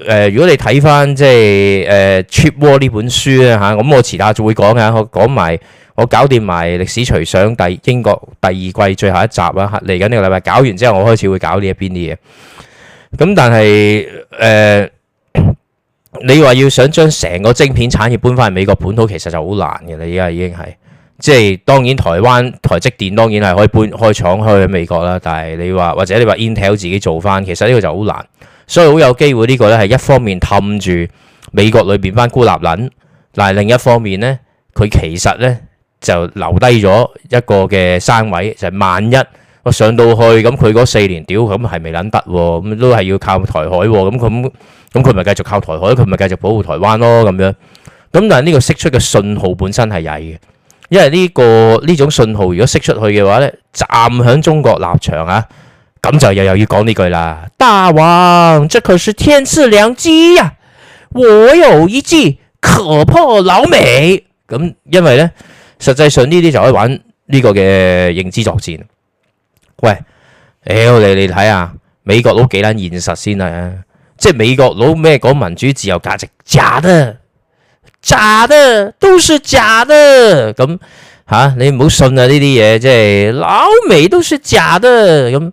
誒、呃，如果你睇翻即係誒《呃、Chip War》呢本書咧嚇，咁、啊、我遲下就會我講我講埋我搞掂埋歷史隨想第英國第二季最後一集啦，嚟緊呢個禮拜搞完之後，我開始會搞呢一邊啲嘢。咁但係誒、呃，你話要想將成個晶片產業搬翻去美國本土，其實就好難嘅啦。依家已經係即係當然，台灣台積電當然係可以搬、開廠可以去美國啦。但係你話或者你話 Intel 自己做翻，其實呢個就好難。所以好有機會呢個呢，係一方面氹住美國裏邊班孤立撚，但另一方面呢，佢其實呢就留低咗一個嘅生位，就係、萬一我上到去咁，佢嗰四年屌咁係未撚得喎，咁都係要靠台海喎，咁咁佢咪繼續靠台海，佢咪繼續保護台灣咯咁樣。咁但係呢個釋出嘅信號本身係曳嘅，因為呢、呢個呢種信號如果釋出去嘅話呢，站響中國立場啊！咁就又又要講呢句啦，大王，即佢是天賜良機呀、啊！我有一計，可破老美。咁、嗯、因為咧，實際上呢啲就可以玩呢個嘅認知作戰。喂、屌、哎、你你睇下，美國佬幾難現實先啊？即係美國佬咩講民主自由價值假，假的，假的，都是假的。咁、嗯、吓、啊，你唔好信啊呢啲嘢，即係、就是、老美都是假的咁。嗯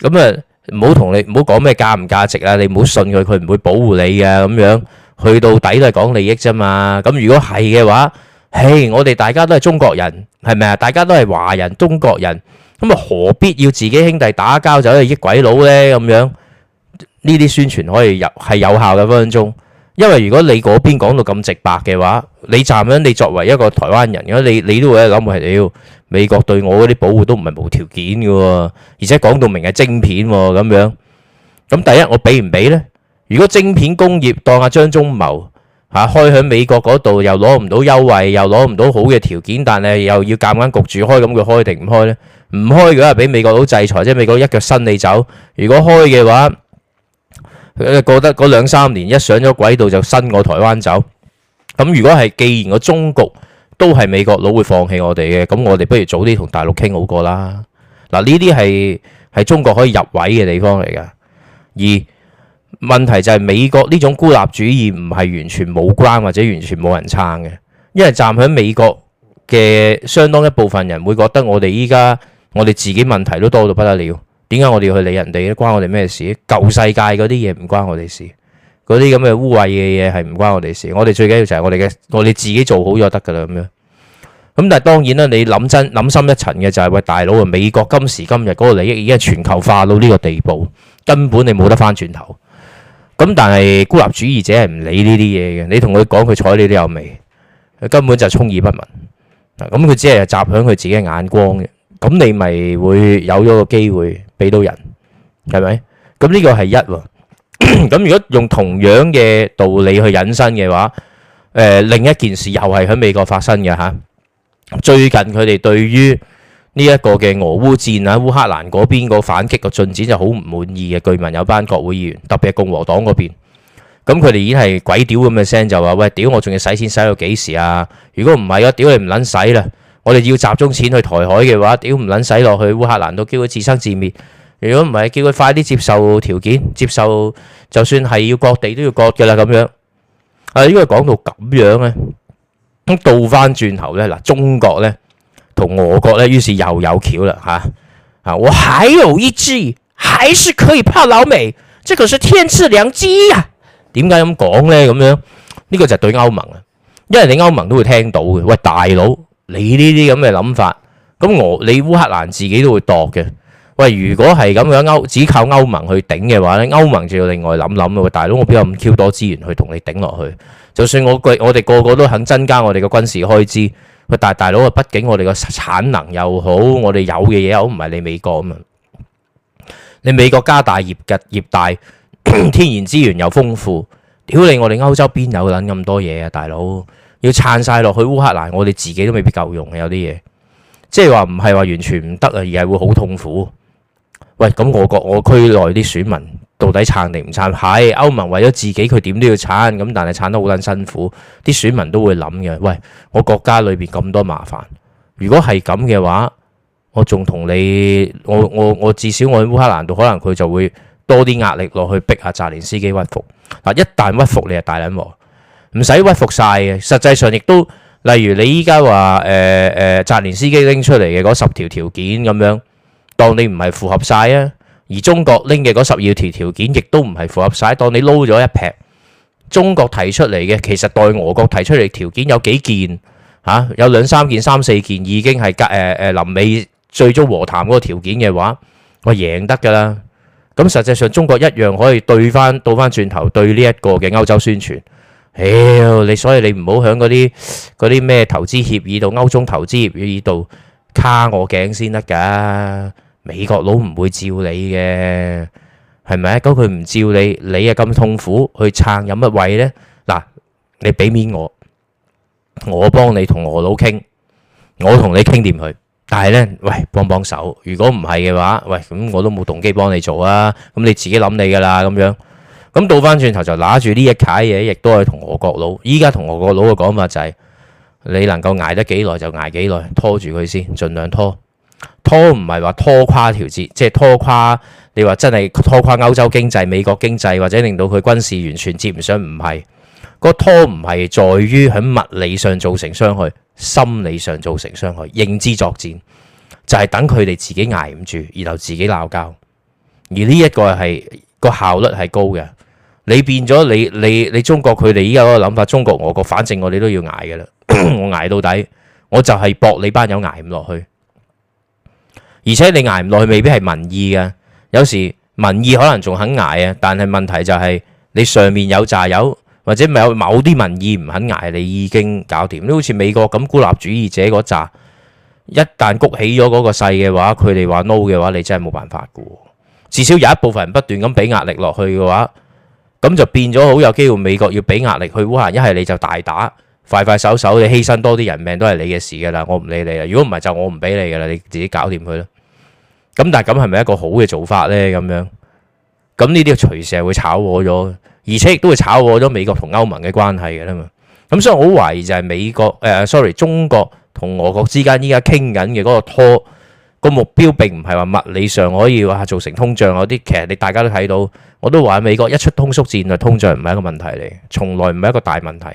咁啊，唔好同你唔好講咩價唔價值啦，你唔好信佢，佢唔會保護你嘅，咁樣，去到底都係講利益啫嘛。咁如果係嘅話，嘿，我哋大家都係中國人，係咪啊？大家都係華人中國人，咁啊，何必要自己兄弟打交走去益鬼佬咧？咁樣呢啲宣傳可以有係有效嘅，分分鐘，因為如果你嗰邊講到咁直白嘅話，你站喺你作為一個台灣人，咁你你都會諗係要。美國對我嗰啲保護都唔係無條件嘅喎，而且講到明係晶片喎咁樣。咁第一我俾唔俾呢？如果晶片工業當下張忠謀嚇開喺美國嗰度，又攞唔到優惠，又攞唔到好嘅條件，但係又要夾硬焗住開，咁佢開定唔開呢？唔開嘅話俾美國佬制裁啫，美國一腳伸你走。如果開嘅話，過得嗰兩三年一上咗軌道就伸我台灣走。咁如果係既然個中局，都係美國佬會放棄我哋嘅，咁我哋不如早啲同大陸傾好過啦。嗱，呢啲係係中國可以入位嘅地方嚟㗎。而問題就係美國呢種孤立主義唔係完全冇關或者完全冇人撐嘅，因為站喺美國嘅相當一部分人會覺得我哋依家我哋自己問題都多到不得了，點解我哋要去理人哋咧？關我哋咩事？舊世界嗰啲嘢唔關我哋事。嗰啲咁嘅污穢嘅嘢係唔關我哋事，我哋最緊要就係我哋嘅我哋自己做好咗得㗎啦咁樣。咁但係當然啦，你諗真諗深一層嘅就係，喂，大佬啊，美國今時今日嗰個利益已經係全球化到呢個地步，根本你冇得翻轉頭。咁但係孤立主義者係唔理呢啲嘢嘅，你同佢講佢睬你都有味，佢根本就充耳不聞。啊，咁佢只係集響佢自己嘅眼光嘅，咁你咪會有咗個機會俾到人係咪？咁呢個係一。咁 如果用同樣嘅道理去引申嘅話，誒、呃、另一件事又係喺美國發生嘅嚇。最近佢哋對於呢一個嘅俄烏戰喺烏克蘭嗰邊個反擊個進展就好唔滿意嘅。據聞有班國會議員，特別係共和黨嗰邊，咁佢哋已經係鬼屌咁嘅聲就話：喂屌，我仲要使錢使到幾時啊？如果唔係嘅，屌你唔撚使啦！我哋要集中錢去台海嘅話，屌唔撚使落去烏克蘭，都叫佢自生自滅。如果唔係，叫佢快啲接受條件，接受就算係要割地都要割嘅啦咁樣。啊，因為講到咁樣啊，咁倒翻轉頭咧，嗱，中國咧同俄國咧，於是又有橋啦吓啊！我還有一支，還是可以泡老美，這可、個、是天賜良機呀、啊！點解咁講咧？咁樣呢、這個就對歐盟啊，因為你歐盟都會聽到嘅。喂，大佬，你呢啲咁嘅諗法，咁俄、你烏克蘭自己都會度嘅。喂，如果係咁樣歐只靠歐盟去頂嘅話咧，歐盟就要另外諗諗咯。大佬，我邊有咁 Q 多資源去同你頂落去？就算我我哋個個都肯增加我哋嘅軍事開支，喂，但大佬啊，畢竟我哋個產能又好，我哋有嘅嘢好唔係你美國㗎嘛？你美國加大業嘅業大， 天然資源又豐富，屌你！我哋歐洲邊有撚咁多嘢啊？大佬，要撐晒落去烏克蘭，我哋自己都未必夠用，有啲嘢，即係話唔係話完全唔得啊，而係會好痛苦。喂，咁我國我區內啲選民到底撐定唔撐？係歐盟為咗自己，佢點都要撐，咁但係撐得好撚辛苦，啲選民都會諗嘅。喂，我國家裏邊咁多麻煩，如果係咁嘅話，我仲同你，我我我至少我喺烏克蘭度可能佢就會多啲壓力落去逼下澤連斯基屈服。嗱，一旦屈服你係大撚鑊，唔使屈服晒嘅。實際上亦都，例如你依家話誒誒，澤連斯基拎出嚟嘅嗰十條條件咁樣。當你唔係符合曬啊，而中國拎嘅嗰十二條條件亦都唔係符合曬。當你撈咗一撇，中國提出嚟嘅，其實對俄國提出嚟條件有幾件嚇？有兩三件、三四件已經係隔誒誒臨尾最終和談嗰個條件嘅話，我贏得㗎啦。咁實際上中國一樣可以對翻倒翻轉頭對呢一個嘅歐洲宣傳。屌你，所以你唔好響嗰啲嗰啲咩投資協議度歐中投資協議度卡我頸先得㗎。美國佬唔會照你嘅，係咪？咁佢唔照你，你啊咁痛苦去撐，有乜謂呢？嗱，你俾面我，我幫你同俄佬傾，我同你傾掂佢。但係呢，喂，幫幫手。如果唔係嘅話，喂，咁我都冇動機幫你做啊。咁你自己諗你噶啦，咁樣。咁倒翻轉頭就拿住呢一攋嘢，亦都係同俄國佬。依家同俄國佬嘅講法就係、是，你能夠捱得幾耐就捱幾耐，拖住佢先，儘量拖。拖唔係話拖垮調節，即係拖垮你話真係拖垮歐洲經濟、美國經濟，或者令到佢軍事完全接唔上，唔係、嗰個拖唔係在於喺物理上造成傷害、心理上造成傷害、認知作戰，就係等佢哋自己挨唔住，然後自己鬧交。而呢一個係個效率係高嘅，你變咗你你你，你中國佢哋依家嗰個諗法，中國俄國反正我哋都要挨噶啦，我挨到底，我就係搏你班友挨唔落去。而且你捱唔耐未必係民意嘅，有時民意可能仲肯挨啊。但係問題就係你上面有紮友，或者咪有某啲民意唔肯挨，你已經搞掂。你好似美國咁孤立主義者嗰扎，一旦谷起咗嗰個勢嘅話，佢哋話 no 嘅話，你真係冇辦法㗎。至少有一部分人不斷咁俾壓力落去嘅話，咁就變咗好有機會美國要俾壓力去烏克蘭，一係你就大打快快手手，你犧牲多啲人命都係你嘅事㗎啦。我唔理你啦，如果唔係就我唔俾你㗎啦，你自己搞掂佢啦。咁但係咁係咪一個好嘅做法呢？咁樣咁呢啲隨時係會炒火咗，而且亦都會炒火咗美國同歐盟嘅關係嘅啦嘛。咁所以我好懷疑就係美國、啊、sorry，中國同俄國之間依家傾緊嘅嗰個拖個目標並唔係話物理上可以話造成通脹嗰啲。其實你大家都睇到，我都話美國一出通縮戰略，通脹唔係一個問題嚟，從來唔係一個大問題。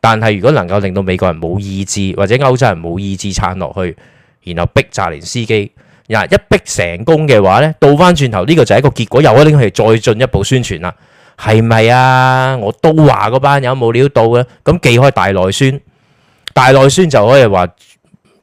但係如果能夠令到美國人冇意志，或者歐洲人冇意志撐落去，然後逼澤連斯基。嗱，一逼成功嘅話咧，倒翻轉頭呢個就係一個結果，又可以拎出嚟再進一步宣傳啦，係咪啊？我都話嗰班人冇料到嘅，咁寄開大內宣，大內宣就可以話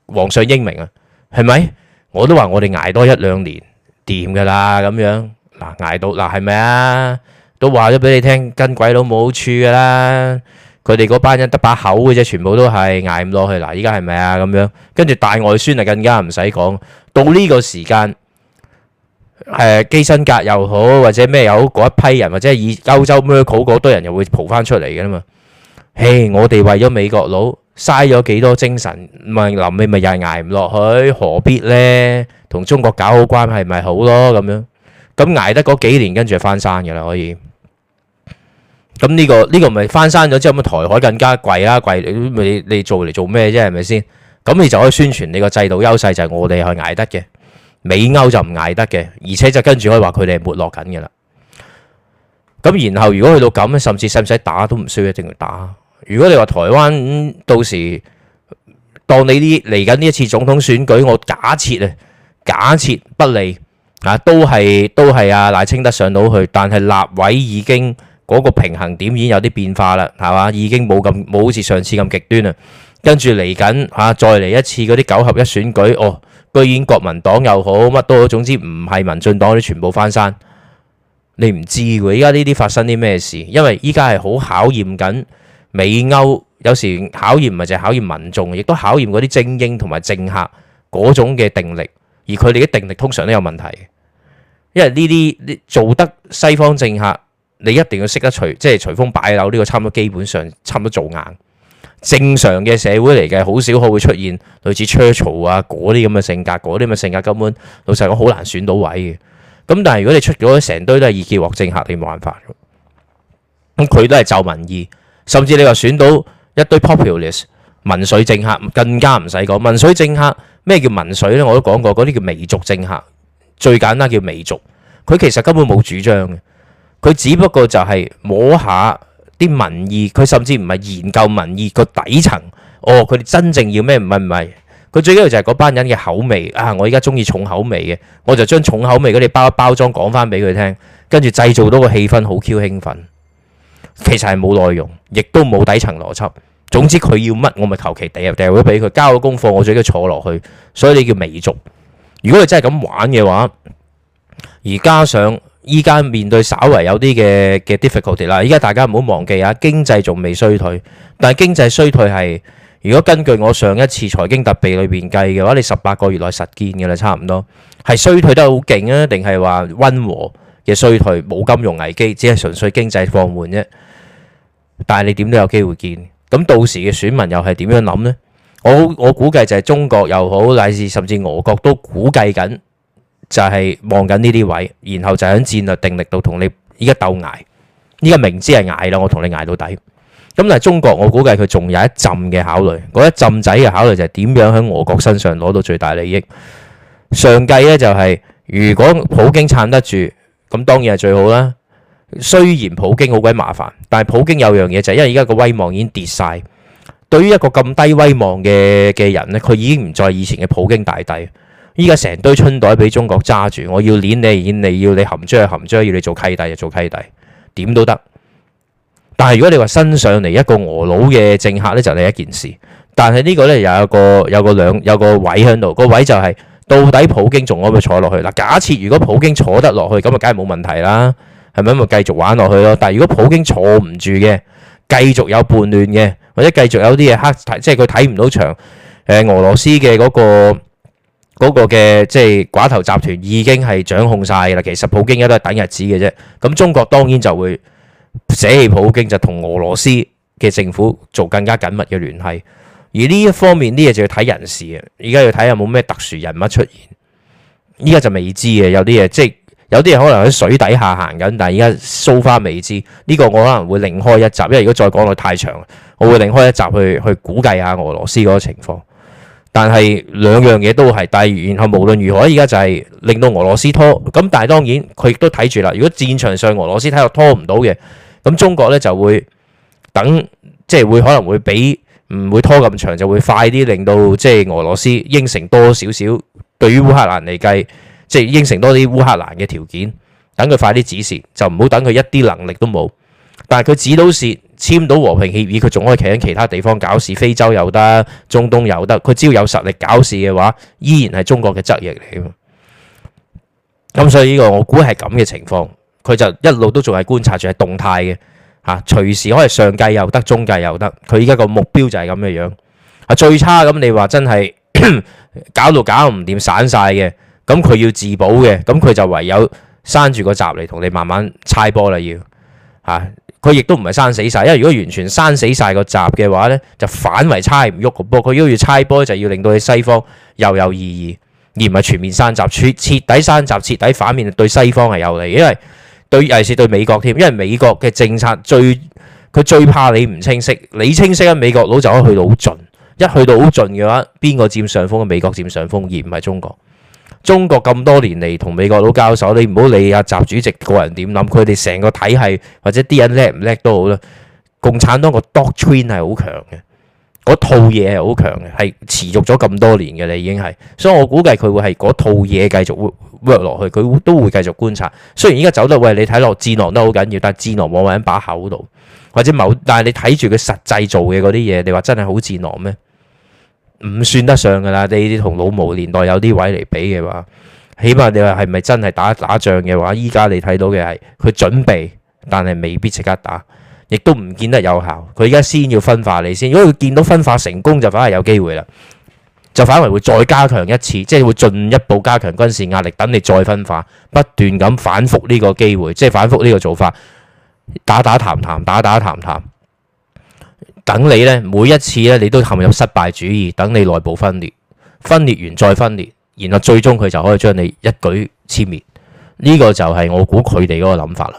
皇上英明啊，係咪？我都話我哋捱多一兩年掂㗎啦，咁樣嗱捱到嗱係咪啊？都話咗俾你聽，跟鬼佬冇好處㗎啦，佢哋嗰班人得把口嘅啫，全部都係捱唔落去，嗱依家係咪啊？咁樣跟住大外宣啊，更加唔使講。到呢個時間，誒，基辛格又好，或者咩又好，嗰一批人或者係以歐洲咁樣好，嗰堆人又會蒲翻出嚟嘅嘛。誒，我哋為咗美國佬嘥咗幾多精神，咪臨尾咪又係挨唔落去，何必呢？同中國搞好關係咪好咯？咁樣咁挨得嗰幾年，跟住就翻山嘅啦，可以。咁呢個呢個咪翻山咗之後，咪台海更加貴啦，貴你你做嚟做咩啫？係咪先？咁你就可以宣傳你個制度優勢，就係我哋去捱得嘅，美歐就唔捱得嘅，而且就跟住可以話佢哋係沒落緊嘅啦。咁然後如果去到咁，甚至使唔使打都唔需要，一定要打。如果你話台灣、嗯、到時當你啲嚟緊呢一次總統選舉，我假設啊，假設不利啊，都係都係阿賴清德上到去，但係立委已經嗰、嗰個平衡點已經有啲變化啦，係嘛？已經冇咁冇好似上次咁極端啊。跟住嚟緊吓，再嚟一次嗰啲九合一選舉哦，居然國民黨又好，乜都好，總之唔係民進黨嗰啲全部翻山，你唔知喎。依家呢啲發生啲咩事？因為依家係好考驗緊美歐，有時考驗唔係就考驗民眾，亦都考驗嗰啲精英同埋政客嗰種嘅定力，而佢哋嘅定力通常都有問題。因為呢啲做得西方政客，你一定要識得隨即係隨風擺柳，呢個差唔多基本上差唔多做硬。正常嘅社會嚟嘅，好少可會出現類似 Churchill 啊嗰啲咁嘅性格，嗰啲咁嘅性格根本老實講好難選到位嘅。咁但係如果你出咗成堆都係意見獲政客，你冇辦法。咁佢都係就民意，甚至你話選到一堆 populist 民粹政客，更加唔使講。民粹政客咩叫民粹咧？我都講過，嗰啲叫媚俗政客，最簡單叫媚俗。佢其實根本冇主張嘅，佢只不過就係摸下啲民意，佢甚至唔係研究民意個底層，哦，佢哋真正要咩唔係唔係？佢最緊要就係嗰班人嘅口味啊！我而家中意重口味嘅，我就將重口味嗰啲包包裝講翻俾佢聽，跟住製造到個氣氛好 Q 興奮。其實係冇內容，亦都冇底層邏輯。總之佢要乜，我咪求其掟入掟入俾佢交咗功課，我最緊要坐落去。所以你叫媚俗。如果你真係咁玩嘅話，而加上。依家面對稍為有啲嘅嘅 difficulties 啦，依家大家唔好忘記啊，經濟仲未衰退，但係經濟衰退係如果根據我上一次財經特備裏邊計嘅話，你十八個月內實見嘅啦，差唔多係衰退得好勁啊，定係話溫和嘅衰退，冇金融危機，只係純粹經濟放緩啫。但係你點都有機會見，咁到時嘅選民又係點樣諗呢？我我估計就係中國又好，乃至甚至俄國都估計緊。就係望緊呢啲位，然後就喺戰略定力度同你依家鬥捱。依家明知係捱啦，我同你捱到底。咁但係中國，我估計佢仲有一浸嘅考慮。嗰一浸仔嘅考慮就係點樣喺俄國身上攞到最大利益。上計呢、就係，就係如果普京撐得住，咁當然係最好啦。雖然普京好鬼麻煩，但係普京有樣嘢就係，因為而家個威望已經跌晒。對於一個咁低威望嘅嘅人呢，佢已經唔再以前嘅普京大帝。依家成堆春袋俾中國揸住，我要碾你碾你，要你含張含張，要你做契弟就做契弟，點都得。但係如果你話身上嚟一個俄佬嘅政客咧，就係一件事。但係呢個咧又有個有個兩有個位喺度，個位就係到底普京仲可唔可以坐落去嗱？假設如果普京坐得落去，咁啊梗係冇問題啦，係咪咁咪繼續玩落去咯？但係如果普京坐唔住嘅，繼續有叛亂嘅，或者繼續有啲嘢黑，即係佢睇唔到場，誒俄羅斯嘅嗰個。嗰個嘅即係寡頭集團已經係掌控曬啦。其實普京一都係等日子嘅啫。咁中國當然就會捨棄普京，就同俄羅斯嘅政府做更加緊密嘅聯繫。而呢一方面呢嘢就要睇人事啊。而家要睇有冇咩特殊人物出現。依家就未知嘅，有啲嘢即係有啲嘢可能喺水底下行緊，但係依家 so far，未知呢個我可能會另開一集，因為如果再講落太長，我會另開一集去去估計下俄羅斯嗰個情況。但係兩樣嘢都係，但係然後無論如何，而家就係令到俄羅斯拖，咁但係當然佢亦都睇住啦。如果戰場上俄羅斯睇落拖唔到嘅，咁中國咧就會等，即係會可能會俾唔會拖咁長，就會快啲令到即係俄羅斯應承多少少，對於烏克蘭嚟計，即係應承多啲烏克蘭嘅條件，等佢快啲指示，就唔好等佢一啲能力都冇，但係佢指到時。簽到和平協議，佢仲可以企喺其他地方搞事。非洲又得，中東又得，佢只要有實力搞事嘅話，依然係中國嘅執業嚟。咁所以呢個我估係咁嘅情況，佢就一路都仲係觀察住，係動態嘅嚇、啊，隨時可以上計又得，中計又得。佢依家個目標就係咁嘅樣。啊，最差咁你話真係搞到搞唔掂，散晒嘅，咁佢要自保嘅，咁佢就唯有閂住個閘嚟同你慢慢猜波啦，要、啊、嚇。佢亦都唔係閂死晒，因為如果完全閂死晒個閘嘅話呢就反為猜唔喐個波。佢如果要猜波，就要令到你西方又有意義，而唔係全面刪閘，徹底刪閘，徹底反面對西方係有利，因為對尤其是對美國添，因為美國嘅政策最佢最怕你唔清晰，你清晰咧，美國佬就可以去到好盡，一去到好盡嘅話，邊個佔上風？美國佔上風，而唔係中國。中國咁多年嚟同美國佬交手，你唔好理阿習主席個人點諗，佢哋成個體系或者啲人叻唔叻都好啦。共產黨個 doctrine 係好強嘅，嗰套嘢係好強嘅，係持續咗咁多年嘅啦，你已經係。所以我估計佢會係嗰套嘢繼續 work 落去，佢都會繼續觀察。雖然依家走得喂，你睇落戰狼都好緊要，但係戰狼冇喺把口度，或者某，但係你睇住佢實際做嘅嗰啲嘢，你話真係好戰狼咩？唔算得上噶啦，你哋同老毛年代有啲位嚟比嘅話，起碼你話係咪真係打打仗嘅話？依家你睇到嘅係佢準備，但係未必即刻打，亦都唔見得有效。佢依家先要分化你先，如果佢見到分化成功，就反而有機會啦，就反而會再加強一次，即係會進一步加強軍事壓力，等你再分化，不斷咁反覆呢個機會，即係反覆呢個做法，打打談談，打打談談。等你咧，每一次咧，你都陷入失敗主義。等你內部分裂，分裂完再分裂，然後最終佢就可以將你一舉殲滅。呢、這個就係我估佢哋嗰個諗法啦。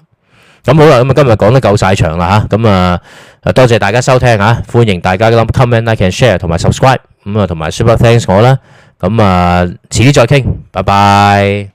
咁好啦，咁啊今日講得夠晒長啦嚇，咁啊多謝大家收聽嚇，歡迎大家咁 comment、like and share 同埋 subscribe，咁啊同埋 super thanks 我啦，咁啊遲啲再傾，拜拜。